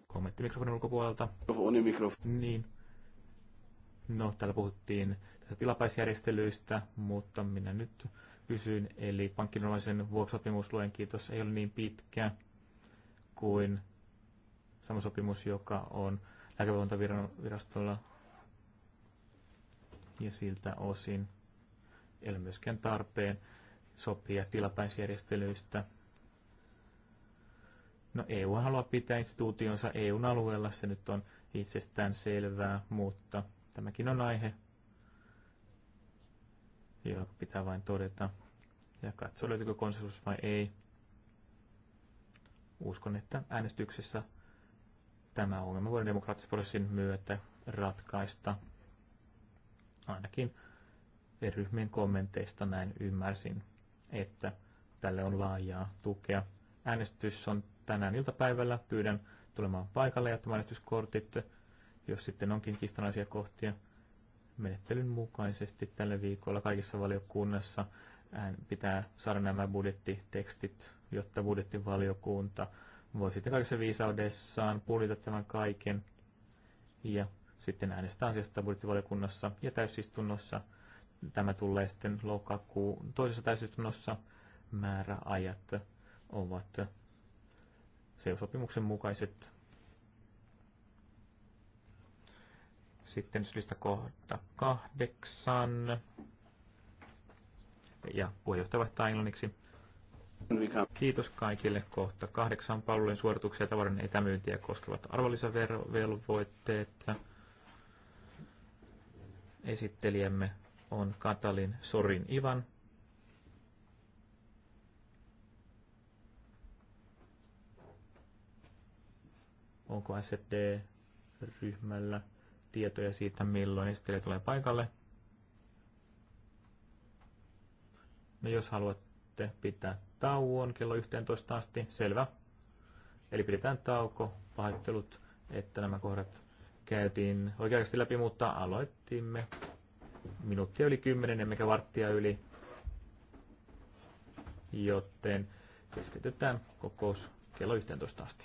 Kommentti mikrofonin ulkopuolelta. Niin. No, täällä puhuttiin tästä tilapäisjärjestelyistä, mutta minä nyt kysyn. Eli pankkinormaisen vuokrasopimusluen kiitos ei ole niin pitkä kuin sama sopimus, joka on lääkevalvontavirastolla ja siltä osin ei ole myöskään tarpeen sopia tilapäisjärjestelyistä. No EU haluaa pitää instituutionsa EUn alueella, se nyt on itsestään selvää, mutta tämäkin on aihe, joka pitää vain todeta ja katsoa löytyykö konsensus vai ei. Uskon, että äänestyksessä tämä ongelma voidaan demokraattisen prosessin myötä ratkaista. Ainakin ryhmien kommenteista näin ymmärsin että tälle on laajaa tukea. Äänestys on tänään iltapäivällä. Pyydän tulemaan paikalle ja äänestyskortit, jos sitten onkin kistanaisia kohtia menettelyn mukaisesti tällä viikolla kaikissa valiokunnassa pitää saada nämä budjettitekstit, jotta budjettivaliokunta voi sitten kaikessa viisaudessaan pulita tämän kaiken ja sitten äänestää asiasta budjettivaliokunnassa ja täysistunnossa Tämä tulee sitten lokakuun toisessa täysistunnossa. Määräajat ovat seosopimuksen mukaiset. Sitten syystä kohta kahdeksan. Ja puheenjohtaja vaihtaa englanniksi. Kiitos kaikille. Kohta kahdeksan palvelujen suorituksia ja tavaran etämyyntiä koskevat arvonlisäverovelvoitteet. Esittelijämme on Katalin Sorin Ivan. Onko SD-ryhmällä tietoja siitä, milloin esittelijä tulee paikalle? No jos haluatte pitää tauon kello 11 asti, selvä. Eli pidetään tauko, pahoittelut, että nämä kohdat käytiin oikeasti läpi, mutta aloitimme minuuttia yli kymmenen, emmekä varttia yli. Joten keskitytään kokous kello 11 asti.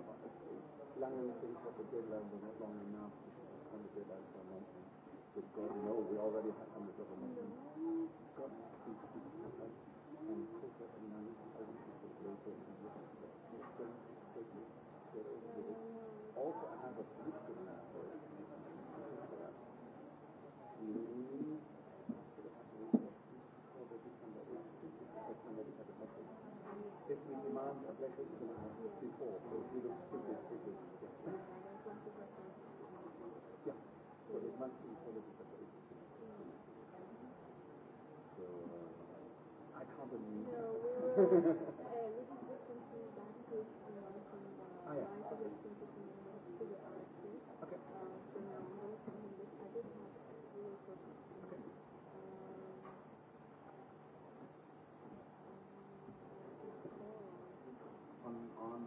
aber lange nicht in Portugal and not long enough on the deadline for nothing. But God no, we already had on the government. God speaks to us and puts us in an unpredictable way to the Also, I have a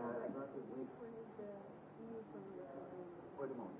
Uh, I got to wait. When is the news from the... Wait a moment.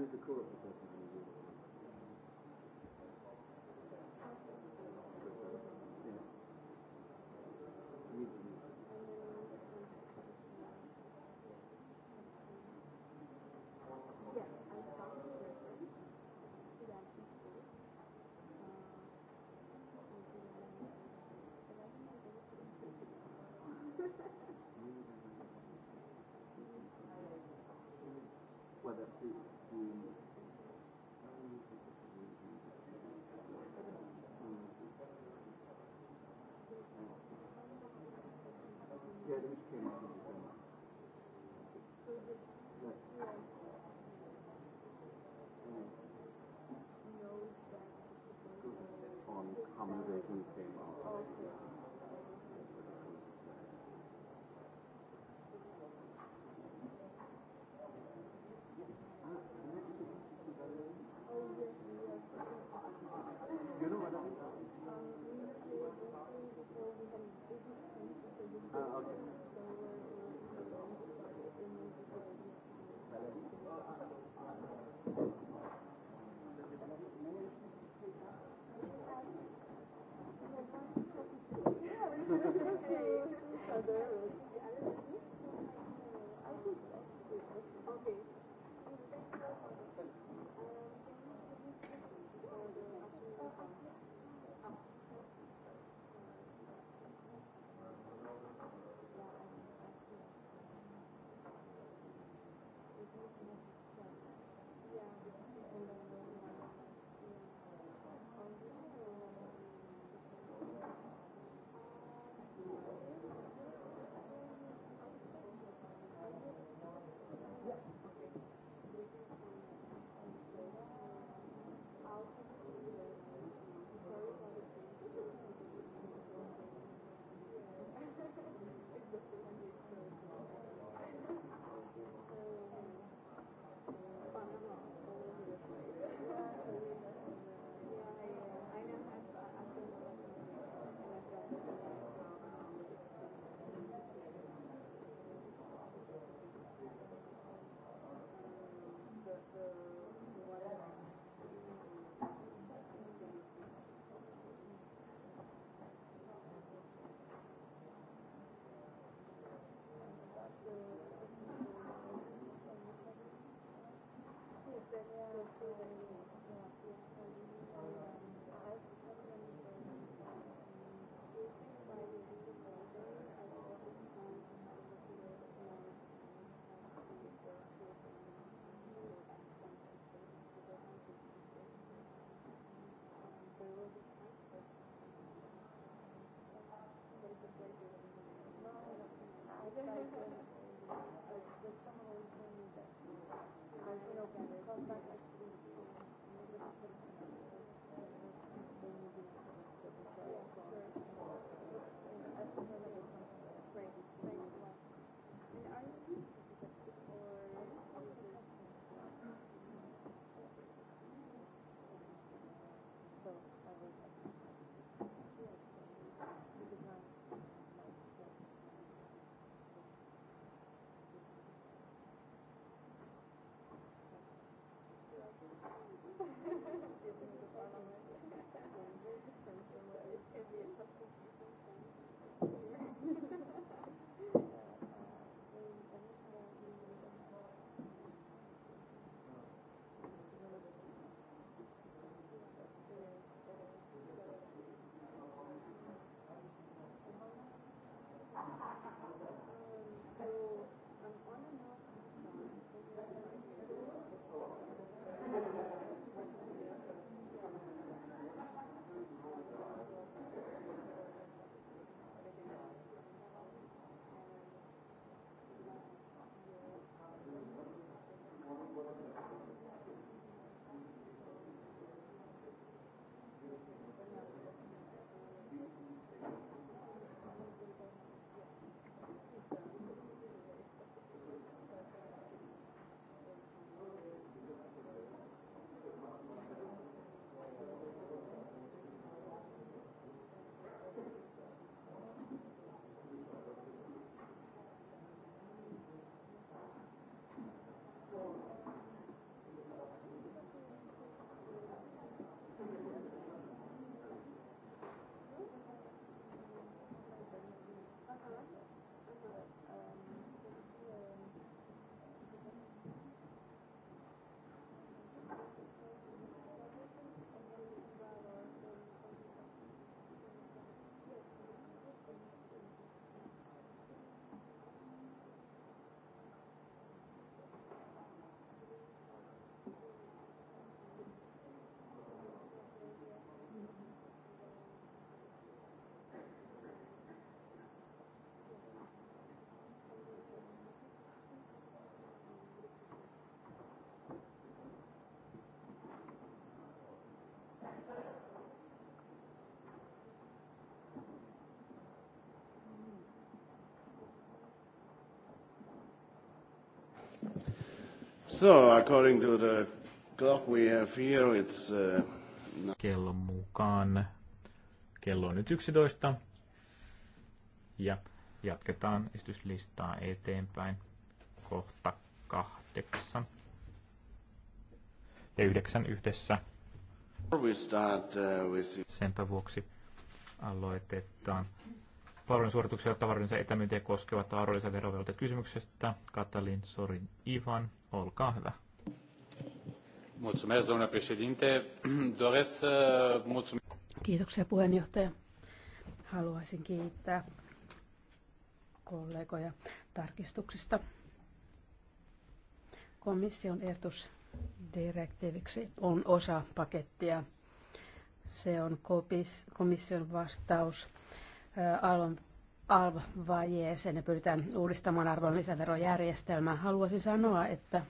не такого показателя. came out. Okay. Okay. Thank you. Thank you. So, according to the clock we have here, it's... Uh, no- kello mukaan. Kello on nyt 11. Ja jatketaan esityslistaa eteenpäin. Kohta kahdeksan ja yhdeksän yhdessä. start, uh, Senpä vuoksi aloitetaan palvelusuorituksia suorituksia tavaroidensa etämyyntiä koskevat arvonlisäverovelvoitteet kysymyksestä. Katalin Sorin Ivan, olkaa hyvä. Mulțumesc, domnule președinte. Doresc să mulțumesc. Kiitoksia puheenjohtaja. Haluaisin kiittää kollegoja tarkistuksista. Komission ehdotus direktiiviksi on osa pakettia. Se on komission vastaus alon alvajeeseen ja pyritään uudistamaan arvonlisäverojärjestelmää. Haluaisin sanoa, että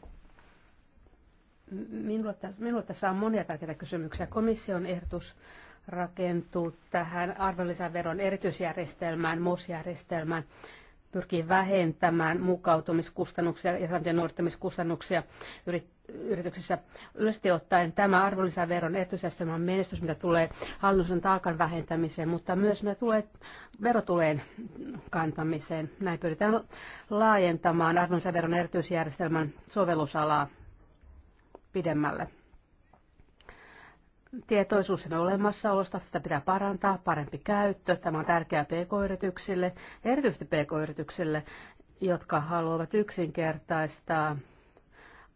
minulla, minulla tässä on monia tärkeitä kysymyksiä. Komission ehdotus rakentuu tähän arvonlisäveron erityisjärjestelmään, MOS-järjestelmään, pyrkii vähentämään mukautumiskustannuksia ja sääntöjen noudattamiskustannuksia yrityksissä. Yleisesti ottaen tämä arvonlisäveron etusjärjestelmä on menestys, mitä tulee hallinnollisen taakan vähentämiseen, mutta myös mitä tulee verotuleen kantamiseen. Näin pyritään laajentamaan arvonlisäveron erityisjärjestelmän sovellusalaa pidemmälle. Tietoisuus sen olemassaolosta, sitä pitää parantaa, parempi käyttö. Tämä on tärkeää pk-yrityksille, erityisesti pk-yrityksille, jotka haluavat yksinkertaistaa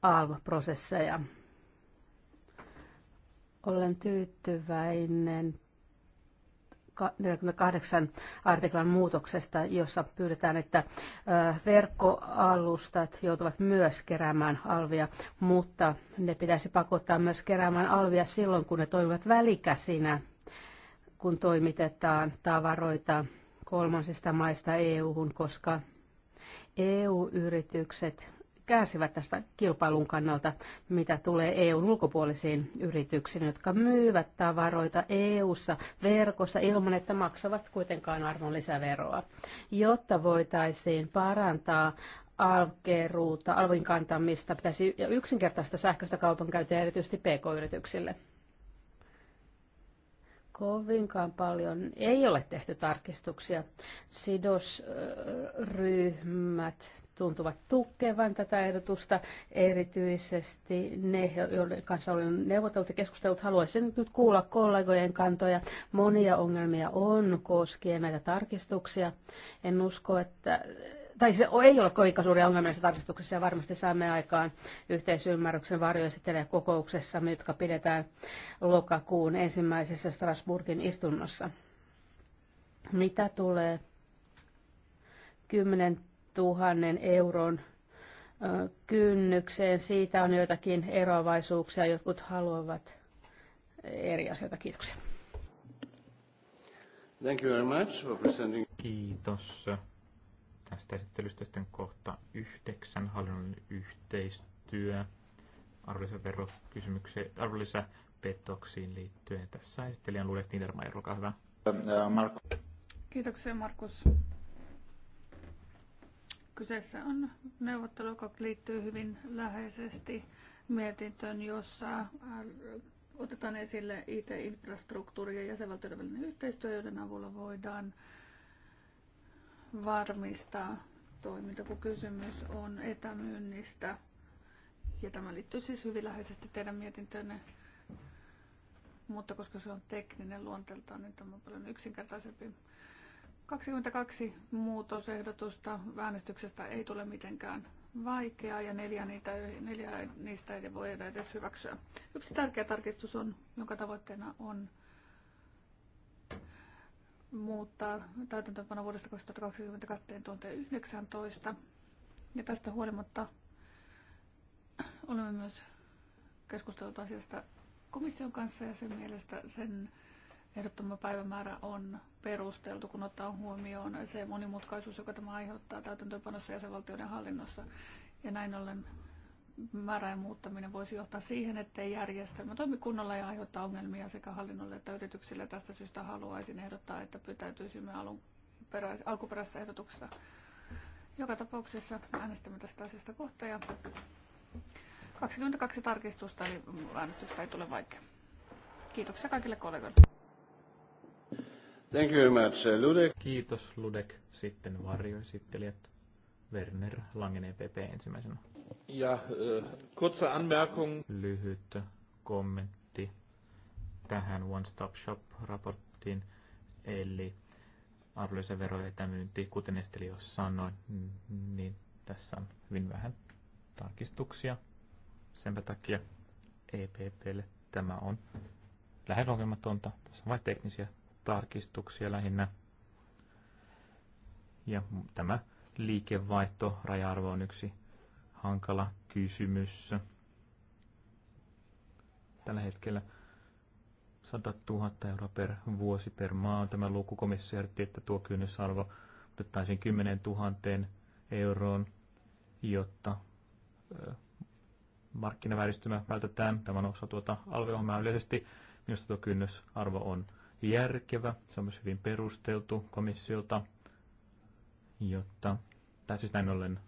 ALV-prosesseja. Olen tyytyväinen 48 artiklan muutoksesta, jossa pyydetään, että verkkoalustat joutuvat myös keräämään alvia, mutta ne pitäisi pakottaa myös keräämään alvia silloin, kun ne toimivat välikäsinä, kun toimitetaan tavaroita kolmansista maista EU-hun, koska EU-yritykset kärsivät tästä kilpailun kannalta, mitä tulee EUn ulkopuolisiin yrityksiin, jotka myyvät tavaroita EUssa verkossa ilman, että maksavat kuitenkaan arvonlisäveroa, jotta voitaisiin parantaa alkeruutta, alvin kantamista pitäisi ja yksinkertaista sähköistä kaupankäyntiä erityisesti pk-yrityksille. Kovinkaan paljon ei ole tehty tarkistuksia. Sidosryhmät tuntuvat tukevan tätä ehdotusta, erityisesti ne, joiden kanssa olen neuvotellut ja keskustellut. Haluaisin nyt kuulla kollegojen kantoja. Monia ongelmia on koskien näitä tarkistuksia. En usko, että tai se ei ole kovinkaan suuria ongelmia näissä tarkistuksissa ja varmasti saamme aikaan yhteisymmärryksen varjoesittelijä kokouksessa, jotka pidetään lokakuun ensimmäisessä Strasbourgin istunnossa. Mitä tulee 10 tuhannen euron kynnykseen. Siitä on joitakin eroavaisuuksia. Jotkut haluavat eri asioita. Kiitoksia. Thank you very much for presenting. Kiitos tästä esittelystä sitten kohta yhdeksän hallinnon yhteistyö arvonlisäverokysymykseen, arvonlisäpetoksiin liittyen. Tässä esittelijän luulet Niedermayer, olkaa hyvä. Äh, äh, Marko. Kiitoksia Markus. Kyseessä on neuvottelu, joka liittyy hyvin läheisesti mietintöön, jossa äh, otetaan esille IT-infrastruktuuri ja jäsenvaltioiden välinen yhteistyö, joiden avulla voidaan varmistaa toiminta, kun kysymys on etämyynnistä. Ja tämä liittyy siis hyvin läheisesti teidän mietintöönne. mutta koska se on tekninen luonteeltaan, niin tämä on paljon yksinkertaisempi. 22 muutosehdotusta äänestyksestä ei tule mitenkään vaikeaa ja neljä, niitä, neljä niistä ei voida edes hyväksyä. Yksi tärkeä tarkistus on, jonka tavoitteena on muuttaa täytäntöönpano vuodesta 2020 2019. Ja tästä huolimatta olemme myös keskustelleet asiasta komission kanssa ja sen mielestä sen ehdottoman päivämäärä on perusteltu, kun ottaa huomioon se monimutkaisuus, joka tämä aiheuttaa täytäntöönpanossa jäsenvaltioiden hallinnossa. Ja näin ollen määräen muuttaminen voisi johtaa siihen, ettei järjestelmä toimi kunnolla ja aiheuttaa ongelmia sekä hallinnolle että yrityksille. Tästä syystä haluaisin ehdottaa, että pitäytyisimme alun perä, alkuperäisessä ehdotuksessa. Joka tapauksessa äänestämme tästä asiasta kohta ja 22 tarkistusta, eli äänestyksestä ei tule vaikea. Kiitoksia kaikille kollegoille. Thank you very much, uh, Ludek. Kiitos, Ludek. Sitten varjoesittelijät. Werner Langen EPP ensimmäisenä. Ja äh, kutsa Anmerkung. Lyhyt kommentti tähän One Stop Shop-raporttiin, eli arvonlisävero etämyynti, kuten Esteli jo sanoi, niin tässä on hyvin vähän tarkistuksia. Senpä takia EPPlle tämä on lähes ongelmatonta. Tässä on vain teknisiä tarkistuksia lähinnä. Ja tämä liikevaihto raja-arvo on yksi hankala kysymys. Tällä hetkellä 100 000 euroa per vuosi per maa on tämä luku. että tuo kynnysarvo otettaisiin 10 000 euroon, jotta markkinavääristymä vältetään. Tämä on osa tuota alveohjelmaa yleisesti. Minusta tuo kynnysarvo on järkevä, se on myös hyvin perusteltu komissiolta, jotta, tai siis näin ollen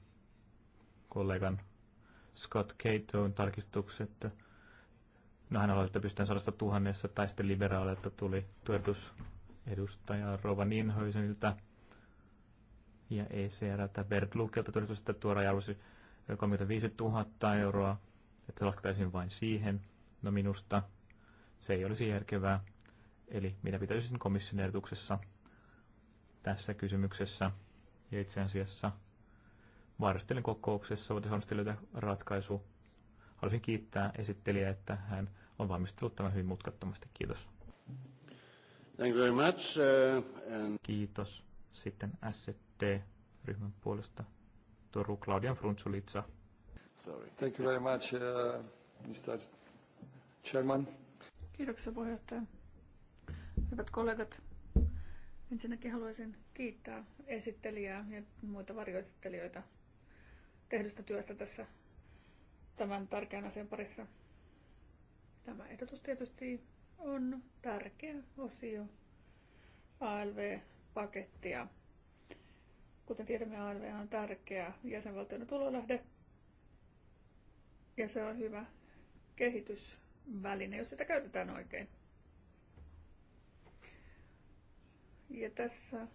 kollegan Scott Catoon tarkistukset, no hän aloittaa pystytään sadasta tuhannessa, tai sitten liberaaleilta tuli tuetus edustaja Rova Niinhoisenilta ja ECR Bert Lukelta todistus, että tuo raja 35 000 euroa, että laskettaisiin vain siihen. No minusta se ei olisi järkevää Eli mitä pitäisi komission ehdotuksessa tässä kysymyksessä ja itse asiassa varjostelin kokouksessa voitaisiin löytää ratkaisu. Haluaisin kiittää esittelijää, että hän on valmistellut tämän hyvin mutkattomasti. Kiitos. Thank you very much. Uh, and... Kiitos. Sitten SD-ryhmän puolesta Toru Claudia Frunzulitsa. Sorry. Thank you very much, uh, Mr. Chairman. Kiitoksia puheenjohtaja. Hyvät kollegat, ensinnäkin haluaisin kiittää esittelijää ja muita varjoesittelijöitä tehdystä työstä tässä tämän tärkeän asian parissa. Tämä ehdotus tietysti on tärkeä osio ALV-pakettia. Kuten tiedämme, ALV on tärkeä jäsenvaltioiden tulolähde ja se on hyvä kehitysväline, jos sitä käytetään oikein. Ja tässä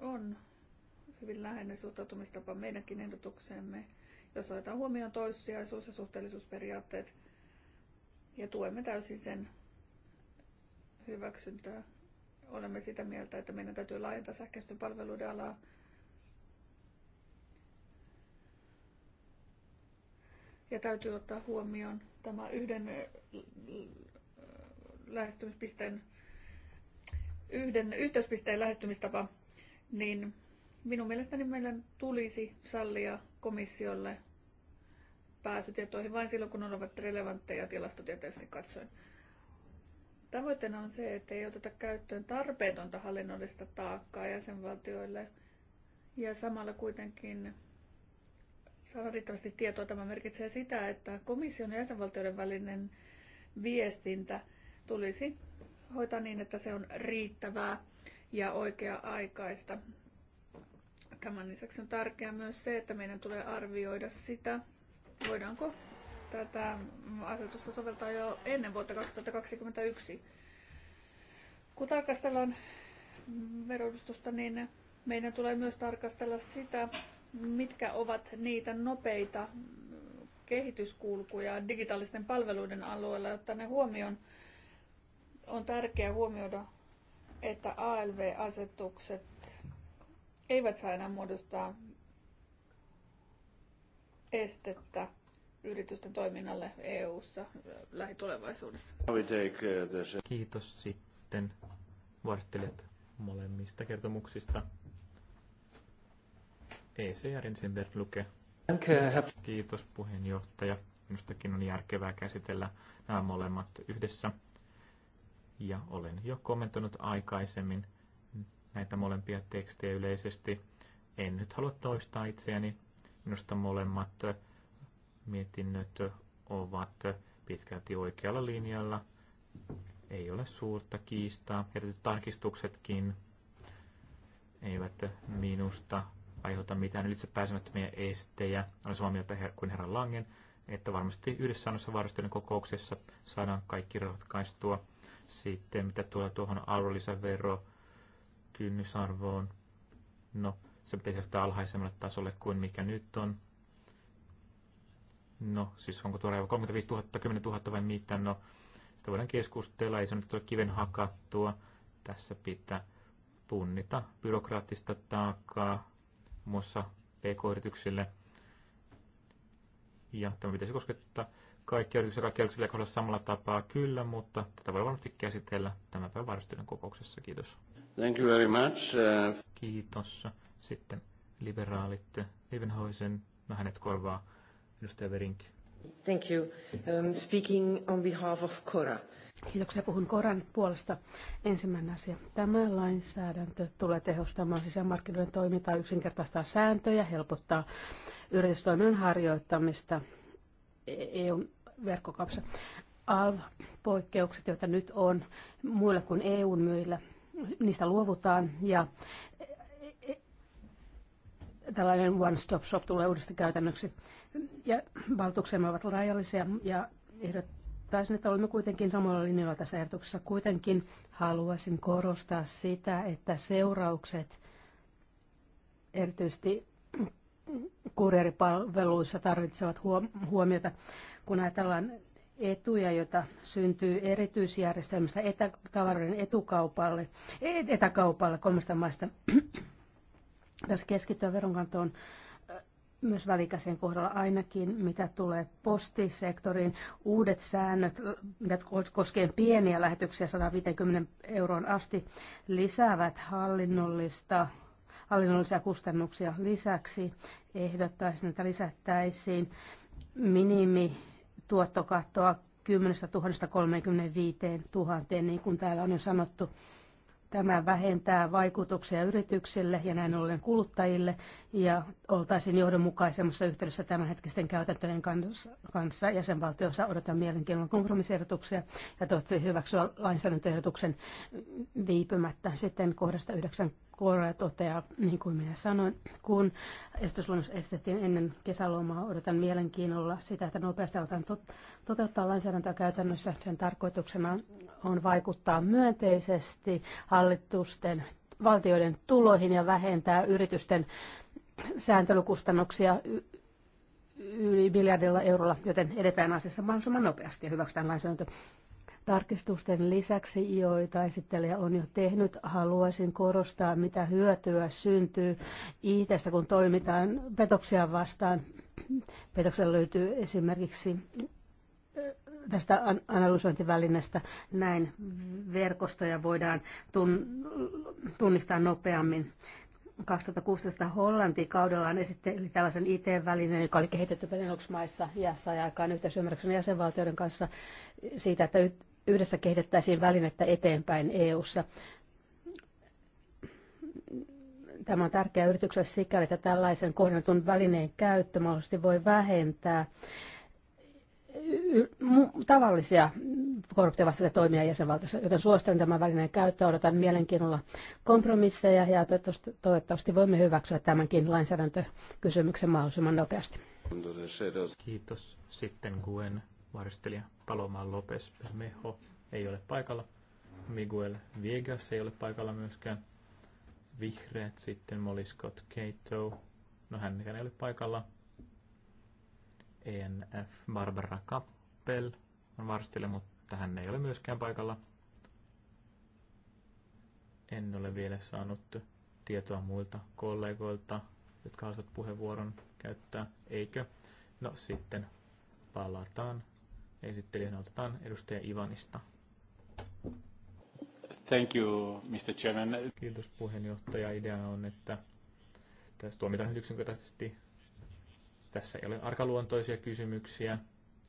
on hyvin läheinen suhtautumistapa meidänkin ehdotukseemme, jos otetaan huomioon toissijaisuus- ja suhteellisuusperiaatteet ja tuemme täysin sen hyväksyntää. Olemme sitä mieltä, että meidän täytyy laajentaa sähköisten palveluiden alaa ja täytyy ottaa huomioon tämä yhden äh, lähestymispisteen yhden yhteispisteen lähestymistapa, niin minun mielestäni meidän tulisi sallia komissiolle pääsytietoihin vain silloin, kun ne ovat relevantteja tilastotieteellisesti katsoen. Tavoitteena on se, että ei oteta käyttöön tarpeetonta hallinnollista taakkaa jäsenvaltioille ja samalla kuitenkin saada riittävästi tietoa. Tämä merkitsee sitä, että komission ja jäsenvaltioiden välinen viestintä tulisi hoitaa niin, että se on riittävää ja oikea-aikaista. Tämän lisäksi on tärkeää myös se, että meidän tulee arvioida sitä, voidaanko tätä asetusta soveltaa jo ennen vuotta 2021. Kun tarkastellaan verotusta, niin meidän tulee myös tarkastella sitä, mitkä ovat niitä nopeita kehityskulkuja digitaalisten palveluiden alueella, jotta ne huomioon on tärkeää huomioida, että ALV-asetukset eivät saa enää muodostaa estettä yritysten toiminnalle EU-ssa lähitulevaisuudessa. Kiitos sitten varstelijat molemmista kertomuksista. ECR Ensenberg luke. Kiitos puheenjohtaja. Minustakin on järkevää käsitellä nämä molemmat yhdessä ja olen jo kommentoinut aikaisemmin näitä molempia tekstejä yleisesti. En nyt halua toistaa itseäni. Minusta molemmat mietinnöt ovat pitkälti oikealla linjalla. Ei ole suurta kiistaa. Jätetyt tarkistuksetkin eivät minusta aiheuta mitään ylitsepääsemättömiä estejä. Olen samaa mieltä kuin herran Langen, että varmasti yhdessä annossa kokouksessa saadaan kaikki ratkaistua. Sitten mitä tulee tuohon arvonlisävero kynnysarvoon, no se pitäisi sitä alhaisemmalle tasolle kuin mikä nyt on. No siis onko tuo 35 000, 10 000 vai mitä, no sitä voidaan keskustella, ei se nyt ole kiven hakattua. Tässä pitää punnita byrokraattista taakkaa muun muassa pk-yrityksille. Ja tämä pitäisi koskettaa kaikki yrityksiä kaikki yrityksiä samalla tapaa, kyllä, mutta tätä voi varmasti käsitellä tämän päivän varjostyön kokouksessa. Kiitos. Thank you very much. Uh... Kiitos. Sitten liberaalit, Livenhoisen, no hänet korvaa edustaja Verink. Thank you. Um, speaking on behalf of Cora. Kiitoksia. Puhun Koran puolesta. Ensimmäinen asia. Tämä lainsäädäntö tulee tehostamaan sisämarkkinoiden toimintaa, yksinkertaistaa sääntöjä, helpottaa yritystoiminnan harjoittamista e- EU verkkokaupassa. ALV-poikkeukset, joita nyt on muilla kuin EUn myillä, niistä luovutaan ja tällainen one-stop-shop tulee uudesta käytännöksi. Ja valtuuksemme ovat rajallisia ja ehdottaisin, että olemme kuitenkin samalla linjalla tässä ehdotuksessa. Kuitenkin haluaisin korostaa sitä, että seuraukset erityisesti kurjeripalveluissa tarvitsevat huomiota kun ajatellaan etuja, joita syntyy erityisjärjestelmästä etätavaroiden etukaupalle, etäkaupalle kolmesta maista. Tässä keskittyä veronkantoon myös välikäsien kohdalla ainakin, mitä tulee postisektoriin. Uudet säännöt, mitä koskee pieniä lähetyksiä 150 euroon asti, lisäävät hallinnollista hallinnollisia kustannuksia. Lisäksi ehdottaisiin, että lisättäisiin minimi tuottokattoa 10 000 35 000, niin kuin täällä on jo sanottu. Tämä vähentää vaikutuksia yrityksille ja näin ollen kuluttajille ja oltaisiin johdonmukaisemmassa yhteydessä tämänhetkisten käytäntöjen kanssa. Jäsenvaltiossa odotan mielenkiinnolla kompromissiehdotuksia ja toivottavasti hyväksyä lainsäädäntöehdotuksen viipymättä sitten kohdasta 9 Kuoroja toteaa, niin kuin minä sanoin, kun esitysluonnos estettiin ennen kesälomaa, odotan mielenkiinnolla sitä, että nopeasti aletaan toteuttaa lainsäädäntöä käytännössä. Sen tarkoituksena on vaikuttaa myönteisesti hallitusten valtioiden tuloihin ja vähentää yritysten sääntelykustannuksia yli miljardilla eurolla, joten edetään asiassa mahdollisimman nopeasti ja hyväksytään lainsäädäntö. Tarkistusten lisäksi, joita esittelijä on jo tehnyt, haluaisin korostaa, mitä hyötyä syntyy itestä kun toimitaan petoksia vastaan. Petoksen löytyy esimerkiksi äh, tästä analysointivälineestä näin verkostoja voidaan tunnistaa nopeammin. 2016 Hollanti kaudellaan esitteli tällaisen IT-välineen, joka oli kehitetty Benelux-maissa ja sai aikaan yhteisymmärryksen jäsenvaltioiden kanssa siitä, että yhdessä kehitettäisiin välinettä eteenpäin EU:ssa. Tämä on tärkeä yritykselle sikäli, että tällaisen kohdennetun välineen käyttö mahdollisesti voi vähentää tavallisia korruptiovastaisia toimia jäsenvaltiossa, joten suosittelen tämän välineen käyttöä. Odotan mielenkiinnolla kompromisseja ja toivottavasti voimme hyväksyä tämänkin lainsäädäntökysymyksen mahdollisimman nopeasti. Kiitos. Sitten Gwen varistelija Paloma Lopes Bermejo ei ole paikalla. Miguel Viegas ei ole paikalla myöskään. Vihreät sitten Molly Scott Cato. No hänkään ei ole paikalla. ENF Barbara Kappel on varistelija, mutta hän ei ole myöskään paikalla. En ole vielä saanut tietoa muilta kollegoilta, jotka haluavat puheenvuoron käyttää, eikö? No sitten palataan Esittelijänä otetaan edustaja Ivanista. Thank you, Mr. Chairman. Kiitos puheenjohtaja. Idea on, että tässä tuomitaan yksinkertaisesti. Tässä ei ole arkaluontoisia kysymyksiä,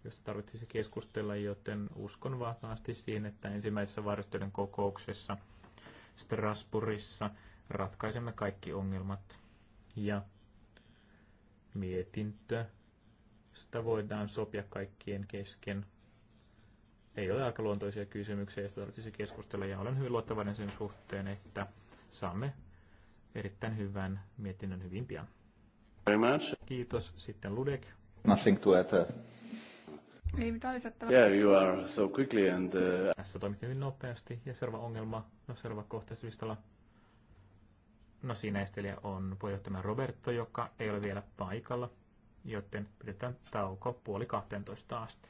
joista tarvitsisi keskustella, joten uskon vakaasti siihen, että ensimmäisessä varjostoiden kokouksessa Strasbourgissa ratkaisemme kaikki ongelmat. Ja mietintö sitä voidaan sopia kaikkien kesken. Ei ole aika luontoisia kysymyksiä, joista tarvitsisi keskustella, ja olen hyvin luottavainen sen suhteen, että saamme erittäin hyvän mietinnön hyvin pian. Kiitos. Sitten Ludek. Nothing to add. Uh, ei mitään lisättävää. Yeah, you are so quickly and... Uh... Tässä toimit hyvin nopeasti. Ja seuraava ongelma, no seuraava kohtaislistalla. No siinä on puheenjohtaja Roberto, joka ei ole vielä paikalla joten pidetään tauko puoli 12 asti.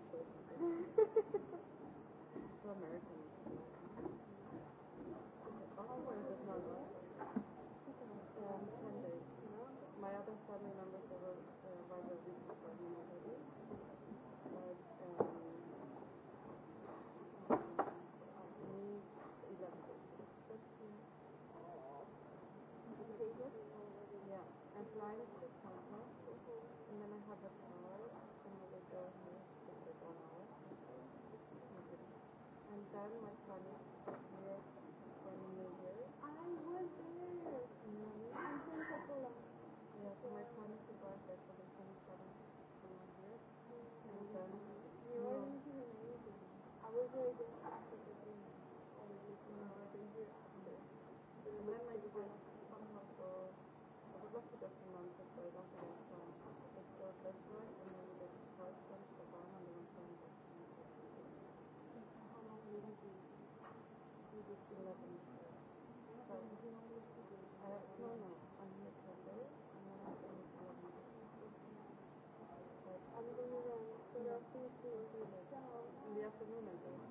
America. sharing my story. este momento.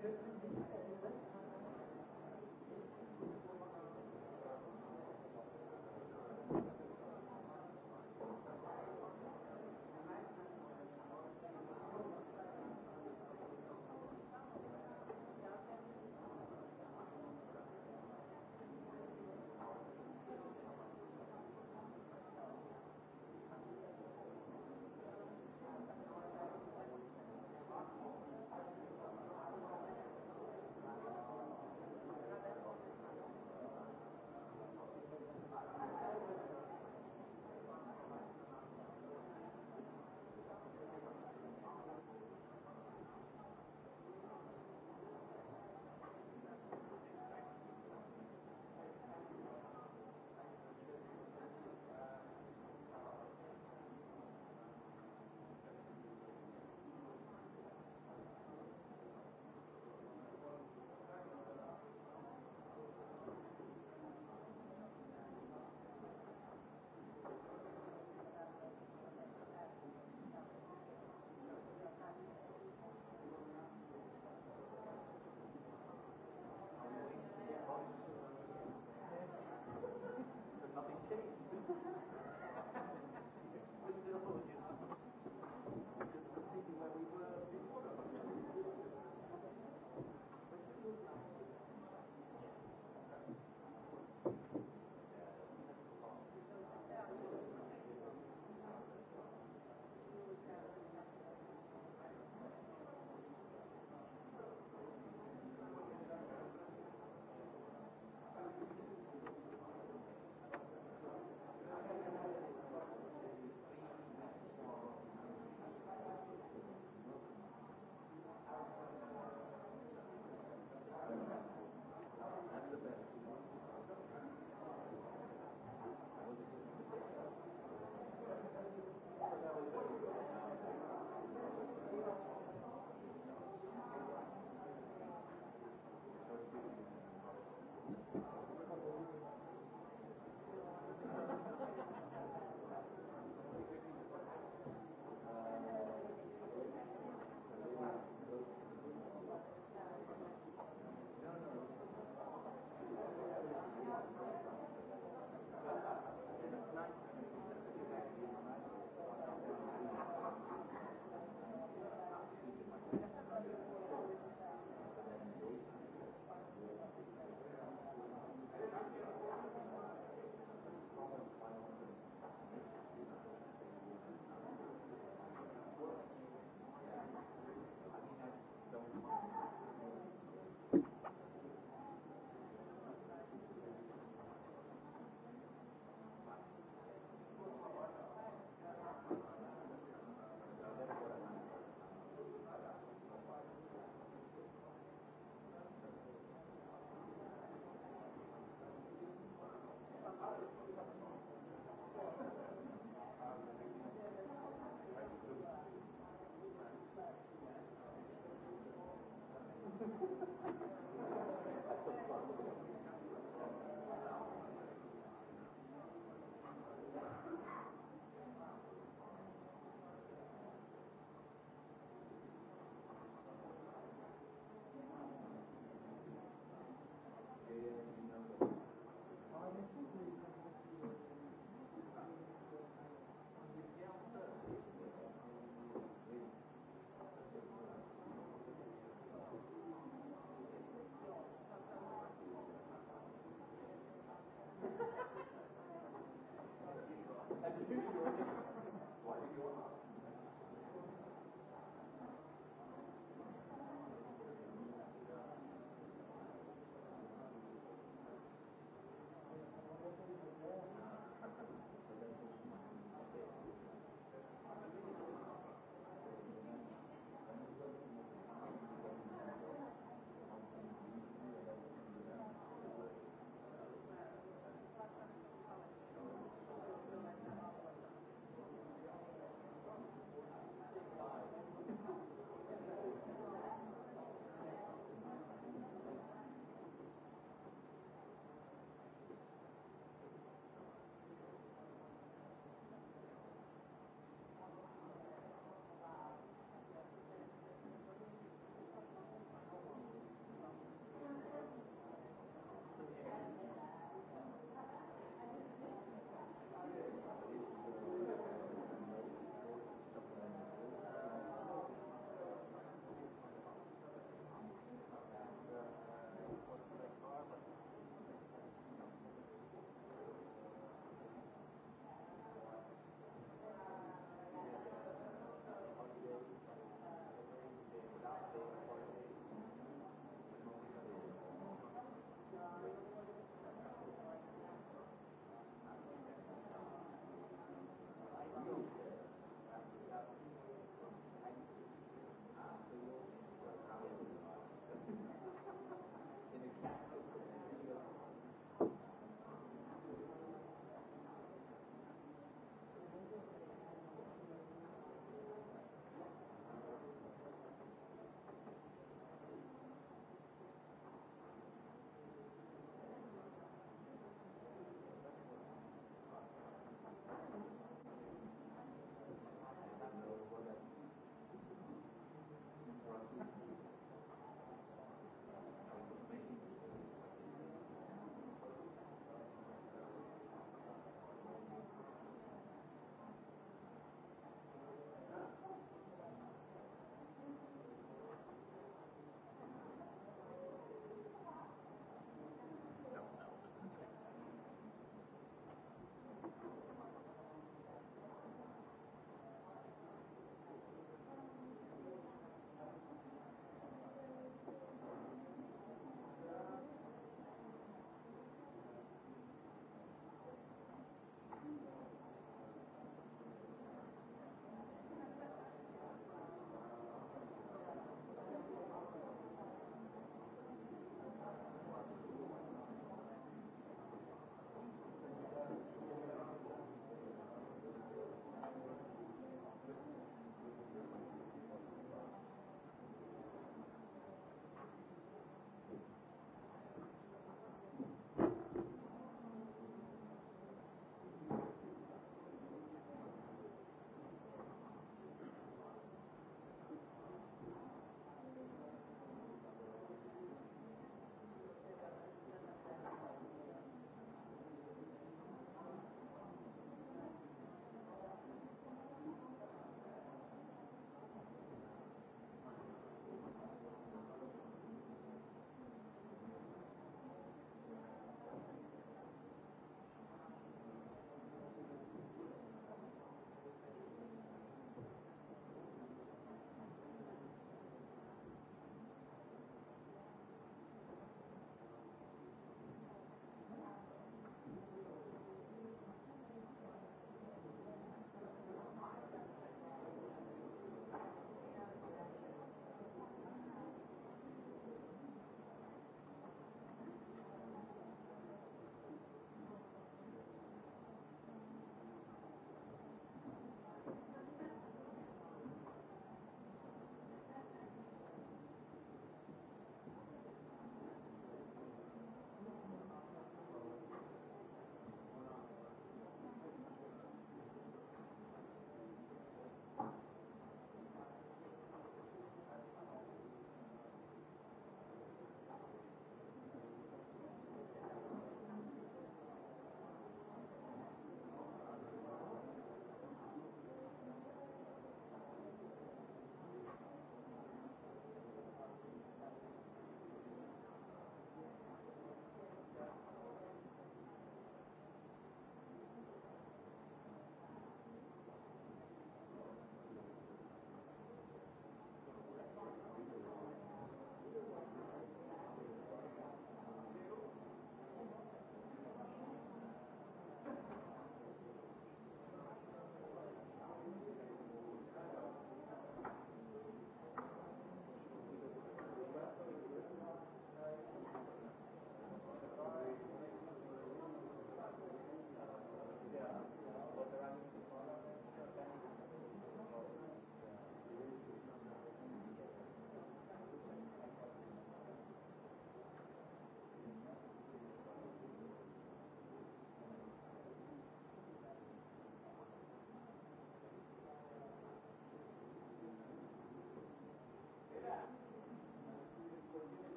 Thank you.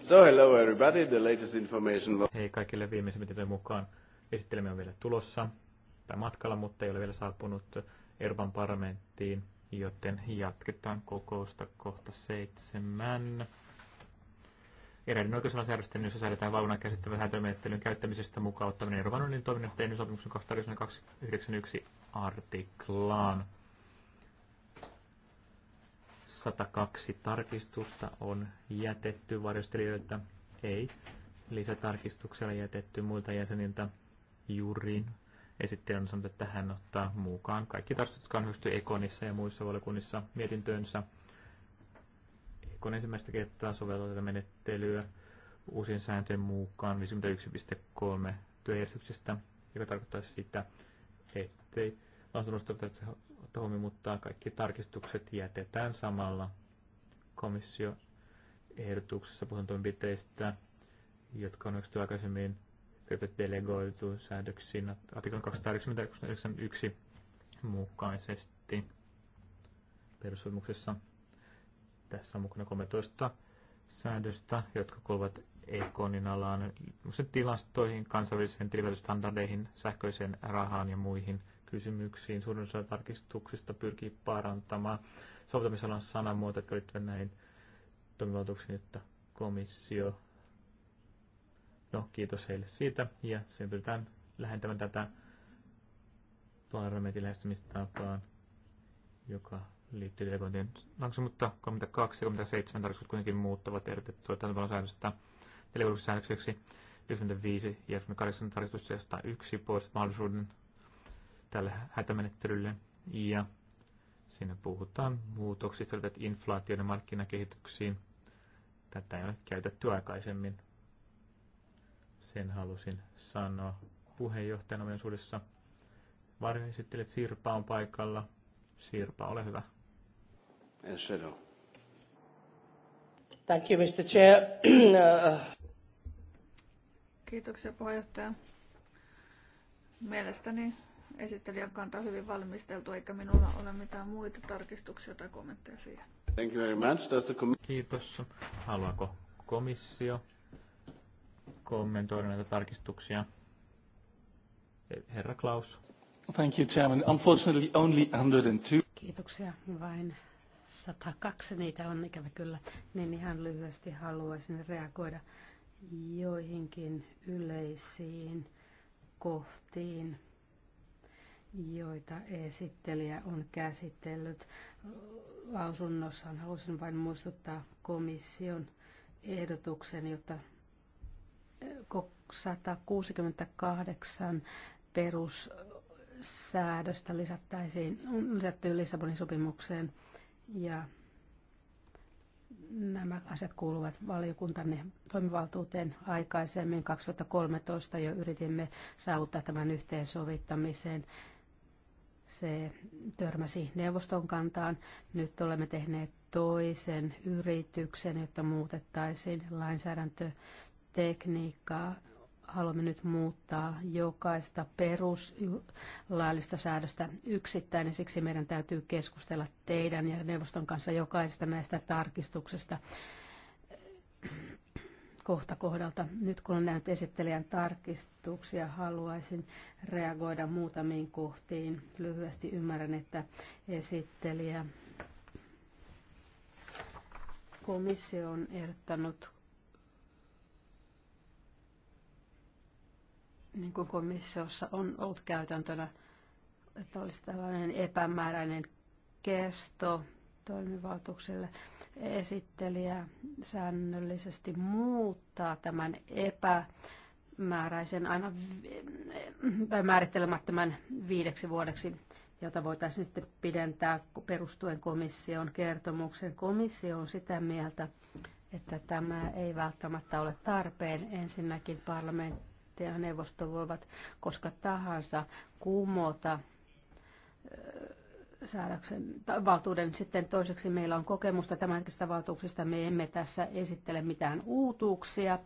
So hello everybody, the latest information... Hei kaikille viimeisimmän tietojen mukaan. Esittelemme on vielä tulossa tai matkalla, mutta ei ole vielä saapunut Euroopan parlamenttiin, joten jatketaan kokousta kohta seitsemän. Eräiden oikeusalan yhdessä säädetään valvonnan käsittävän häätömenettelyn käyttämisestä mukauttaminen Euroopan unionin toiminnasta ja sopimuksen 291 artiklaan. 102 tarkistusta on jätetty varjostelijoilta, ei. Lisätarkistuksella jätetty muilta jäseniltä juuriin. Esittelijä on sanonut, että hän ottaa mukaan kaikki tarkistukset, jotka on hyväksytty Ekonissa ja muissa valiokunnissa mietintöönsä. Ekon ensimmäistä kertaa sovelletaan menettelyä uusien sääntöjen mukaan 51.3 työjärjestyksestä, joka tarkoittaa sitä, ettei lausunnosta toimi, mutta kaikki tarkistukset jätetään samalla komissio ehdotuksessa puhun jotka on yksi aikaisemmin delegoitu säädöksiin artiklan 281 mukaisesti perussopimuksessa. Tässä on mukana 13 säädöstä, jotka kuuluvat Ekonin alaan, tilastoihin, kansainvälisiin tilivälistandardeihin, sähköiseen rahaan ja muihin – kysymyksiin. Suurin osa tarkistuksista pyrkii parantamaan soveltamisalan sanamuotoja, jotka liittyvät näihin toimivaltuuksiin, että komissio, no kiitos heille siitä, ja sen pyritään lähentämään tätä parlamentin lähestymistapaan, joka liittyy delegointien naksu, mutta 32 ja 37 tarkistukset kuitenkin muuttavat erotettua tämän tavalla säännöstä säännökseksi 95 ja 8 tarkistus 101 poistat mahdollisuuden tälle hätämenettelylle. Ja siinä puhutaan muutoksista, että inflaation ja markkinakehityksiin. Tätä ei ole käytetty aikaisemmin. Sen halusin sanoa puheenjohtajan ominaisuudessa. Varjoesittelijät Sirpa on paikalla. Sirpa, ole hyvä. Yes, Thank you, Mr. Chair. Kiitoksia puheenjohtaja. Mielestäni esittelijän kanta hyvin valmisteltu, eikä minulla ole mitään muita tarkistuksia tai kommentteja siihen. Thank you very much. Kiitos. Haluaako komissio kommentoida näitä tarkistuksia? Herra Klaus. Thank you, Chairman. Unfortunately, only 102. Kiitoksia. Vain 102 niitä on ikävä kyllä. Niin ihan lyhyesti haluaisin reagoida joihinkin yleisiin kohtiin joita esittelijä on käsitellyt. Lausunnossaan halusin vain muistuttaa komission ehdotuksen, jotta eh, 168 perussäädöstä lisättäisiin, lisättyyn Lissabonin sopimukseen ja nämä asiat kuuluvat valiokuntanne toimivaltuuteen aikaisemmin. 2013 jo yritimme saavuttaa tämän yhteensovittamiseen se törmäsi neuvoston kantaan. Nyt olemme tehneet toisen yrityksen, jotta muutettaisiin lainsäädäntötekniikkaa. Haluamme nyt muuttaa jokaista peruslaillista säädöstä yksittäin ja siksi meidän täytyy keskustella teidän ja neuvoston kanssa jokaisesta näistä tarkistuksesta kohta kohdalta. Nyt kun on nähnyt esittelijän tarkistuksia, haluaisin reagoida muutamiin kohtiin. Lyhyesti ymmärrän, että esittelijä komissio on ehdottanut niin kuin komissiossa on ollut käytäntönä, että olisi tällainen epämääräinen kesto toimivaltuuksille esittelijä säännöllisesti muuttaa tämän epämääräisen aina tai määrittelemättömän viideksi vuodeksi, jota voitaisiin sitten pidentää perustuen komission kertomuksen. Komissio on sitä mieltä, että tämä ei välttämättä ole tarpeen. Ensinnäkin parlamentti ja neuvosto voivat koska tahansa kumota säädöksen, valtuuden. Sitten toiseksi meillä on kokemusta tämänhetkisistä valtuuksista. Me emme tässä esittele mitään uutuuksia,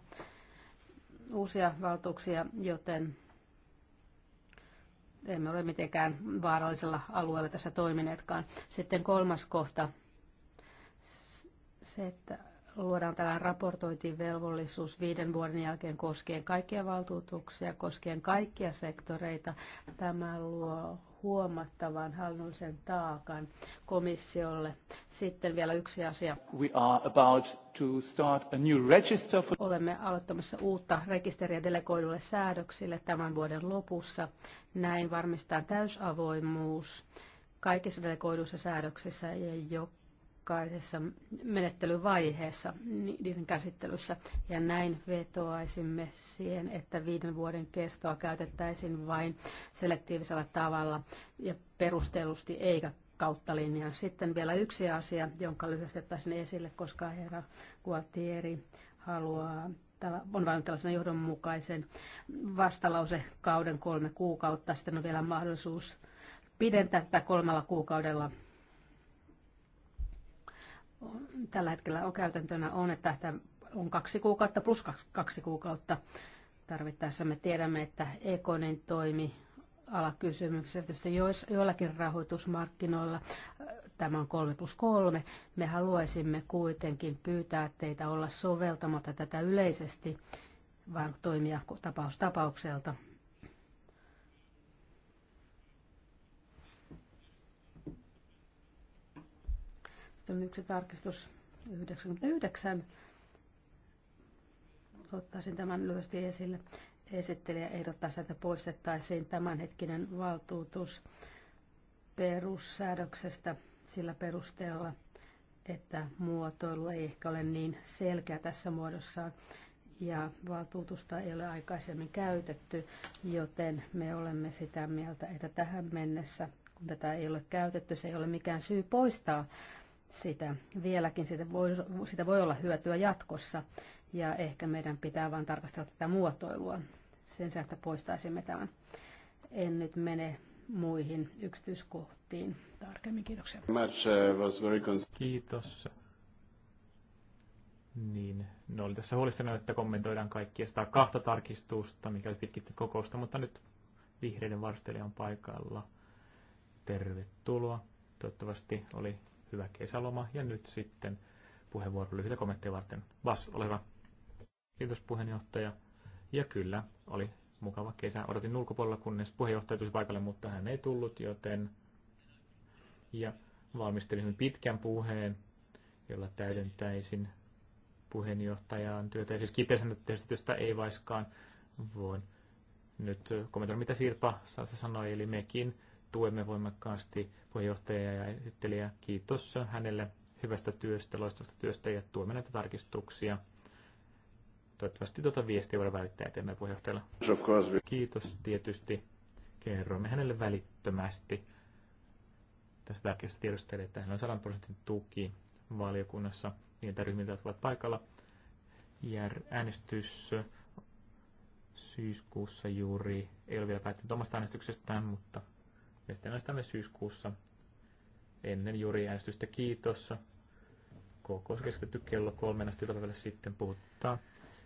uusia valtuuksia, joten emme ole mitenkään vaarallisella alueella tässä toimineetkaan. Sitten kolmas kohta, se, että luodaan tällainen raportointivelvollisuus viiden vuoden jälkeen koskien kaikkia valtuutuksia, koskien kaikkia sektoreita. Tämä luo huomattavan hallinnollisen taakan komissiolle. Sitten vielä yksi asia. We are about to start a new register for... Olemme aloittamassa uutta rekisteriä delegoidulle säädöksille tämän vuoden lopussa. Näin varmistaa täysavoimuus kaikissa delegoiduissa säädöksissä ja jo aikaisessa menettelyvaiheessa niiden käsittelyssä. Ja näin vetoaisimme siihen, että viiden vuoden kestoa käytettäisiin vain selektiivisellä tavalla ja perustellusti eikä kautta linjan. Sitten vielä yksi asia, jonka lyhyesti ottaisin esille, koska herra Gualtieri haluaa on vain tällaisen johdonmukaisen kauden kolme kuukautta. Sitten on vielä mahdollisuus pidentää tätä kolmella kuukaudella tällä hetkellä on käytäntönä on, että on kaksi kuukautta plus kaksi kuukautta tarvittaessa. Me tiedämme, että ekonen toimi alakysymyksessä, tietysti joillakin rahoitusmarkkinoilla tämä on 3 plus 3. Me haluaisimme kuitenkin pyytää teitä olla soveltamatta tätä yleisesti, vaan toimia tapaus tapaukselta. Sitten yksi tarkistus 99. Ottaisin tämän lyhyesti esille. Esittelijä ehdottaa sitä, että poistettaisiin tämänhetkinen valtuutus perussäädöksestä sillä perusteella, että muotoilu ei ehkä ole niin selkeä tässä muodossaan ja valtuutusta ei ole aikaisemmin käytetty, joten me olemme sitä mieltä, että tähän mennessä, kun tätä ei ole käytetty, se ei ole mikään syy poistaa sitä vieläkin, sitä voi, sitä voi olla hyötyä jatkossa ja ehkä meidän pitää vain tarkastella tätä muotoilua. Sen sijaan, poistaisimme tämän. En nyt mene muihin yksityiskohtiin tarkemmin. Kiitoksia. Uh, Kiitos. Niin, no oli tässä huolissani, että kommentoidaan kaikkia sitä kahta tarkistusta, mikä pitkitti kokousta, mutta nyt vihreiden varstelija on paikalla. Tervetuloa. Toivottavasti oli hyvä kesäloma. Ja nyt sitten puheenvuoro lyhyitä kommentteja varten. Vas, ole hyvä. Kiitos puheenjohtaja. Ja kyllä, oli mukava kesä. Odotin ulkopuolella, kunnes puheenjohtaja tuli paikalle, mutta hän ei tullut, joten... Ja valmistelin pitkän puheen, jolla täydentäisin puheenjohtajan työtä. Ja siis kipeäisen työstä ei vaiskaan voin nyt kommentoida, mitä Sirpa sanoi, eli mekin tuemme voimakkaasti puheenjohtajaa ja esittelijää. Kiitos hänelle hyvästä työstä, loistavasta työstä ja tuemme näitä tarkistuksia. Toivottavasti tuota viestiä voidaan välittää eteenpäin puheenjohtajalle. Kiitos tietysti. Kerromme hänelle välittömästi tästä tärkeästä tiedosta, että hän on 100 prosentin tuki valiokunnassa niiltä ryhmiltä, jotka ovat paikalla. Ja äänestys syyskuussa juuri ei ole vielä päättynyt omasta äänestyksestään, mutta ja sitten äänestämme syyskuussa ennen äänestystä Kiitos. Kokous keskitetty kello kolmen asti iltapäivällä sitten puhuttaa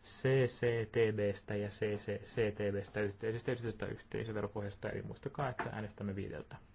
CCTBstä ja CCCTBstä yhteisestä yhteisöveropohjasta, eli muistakaa, että äänestämme viideltä.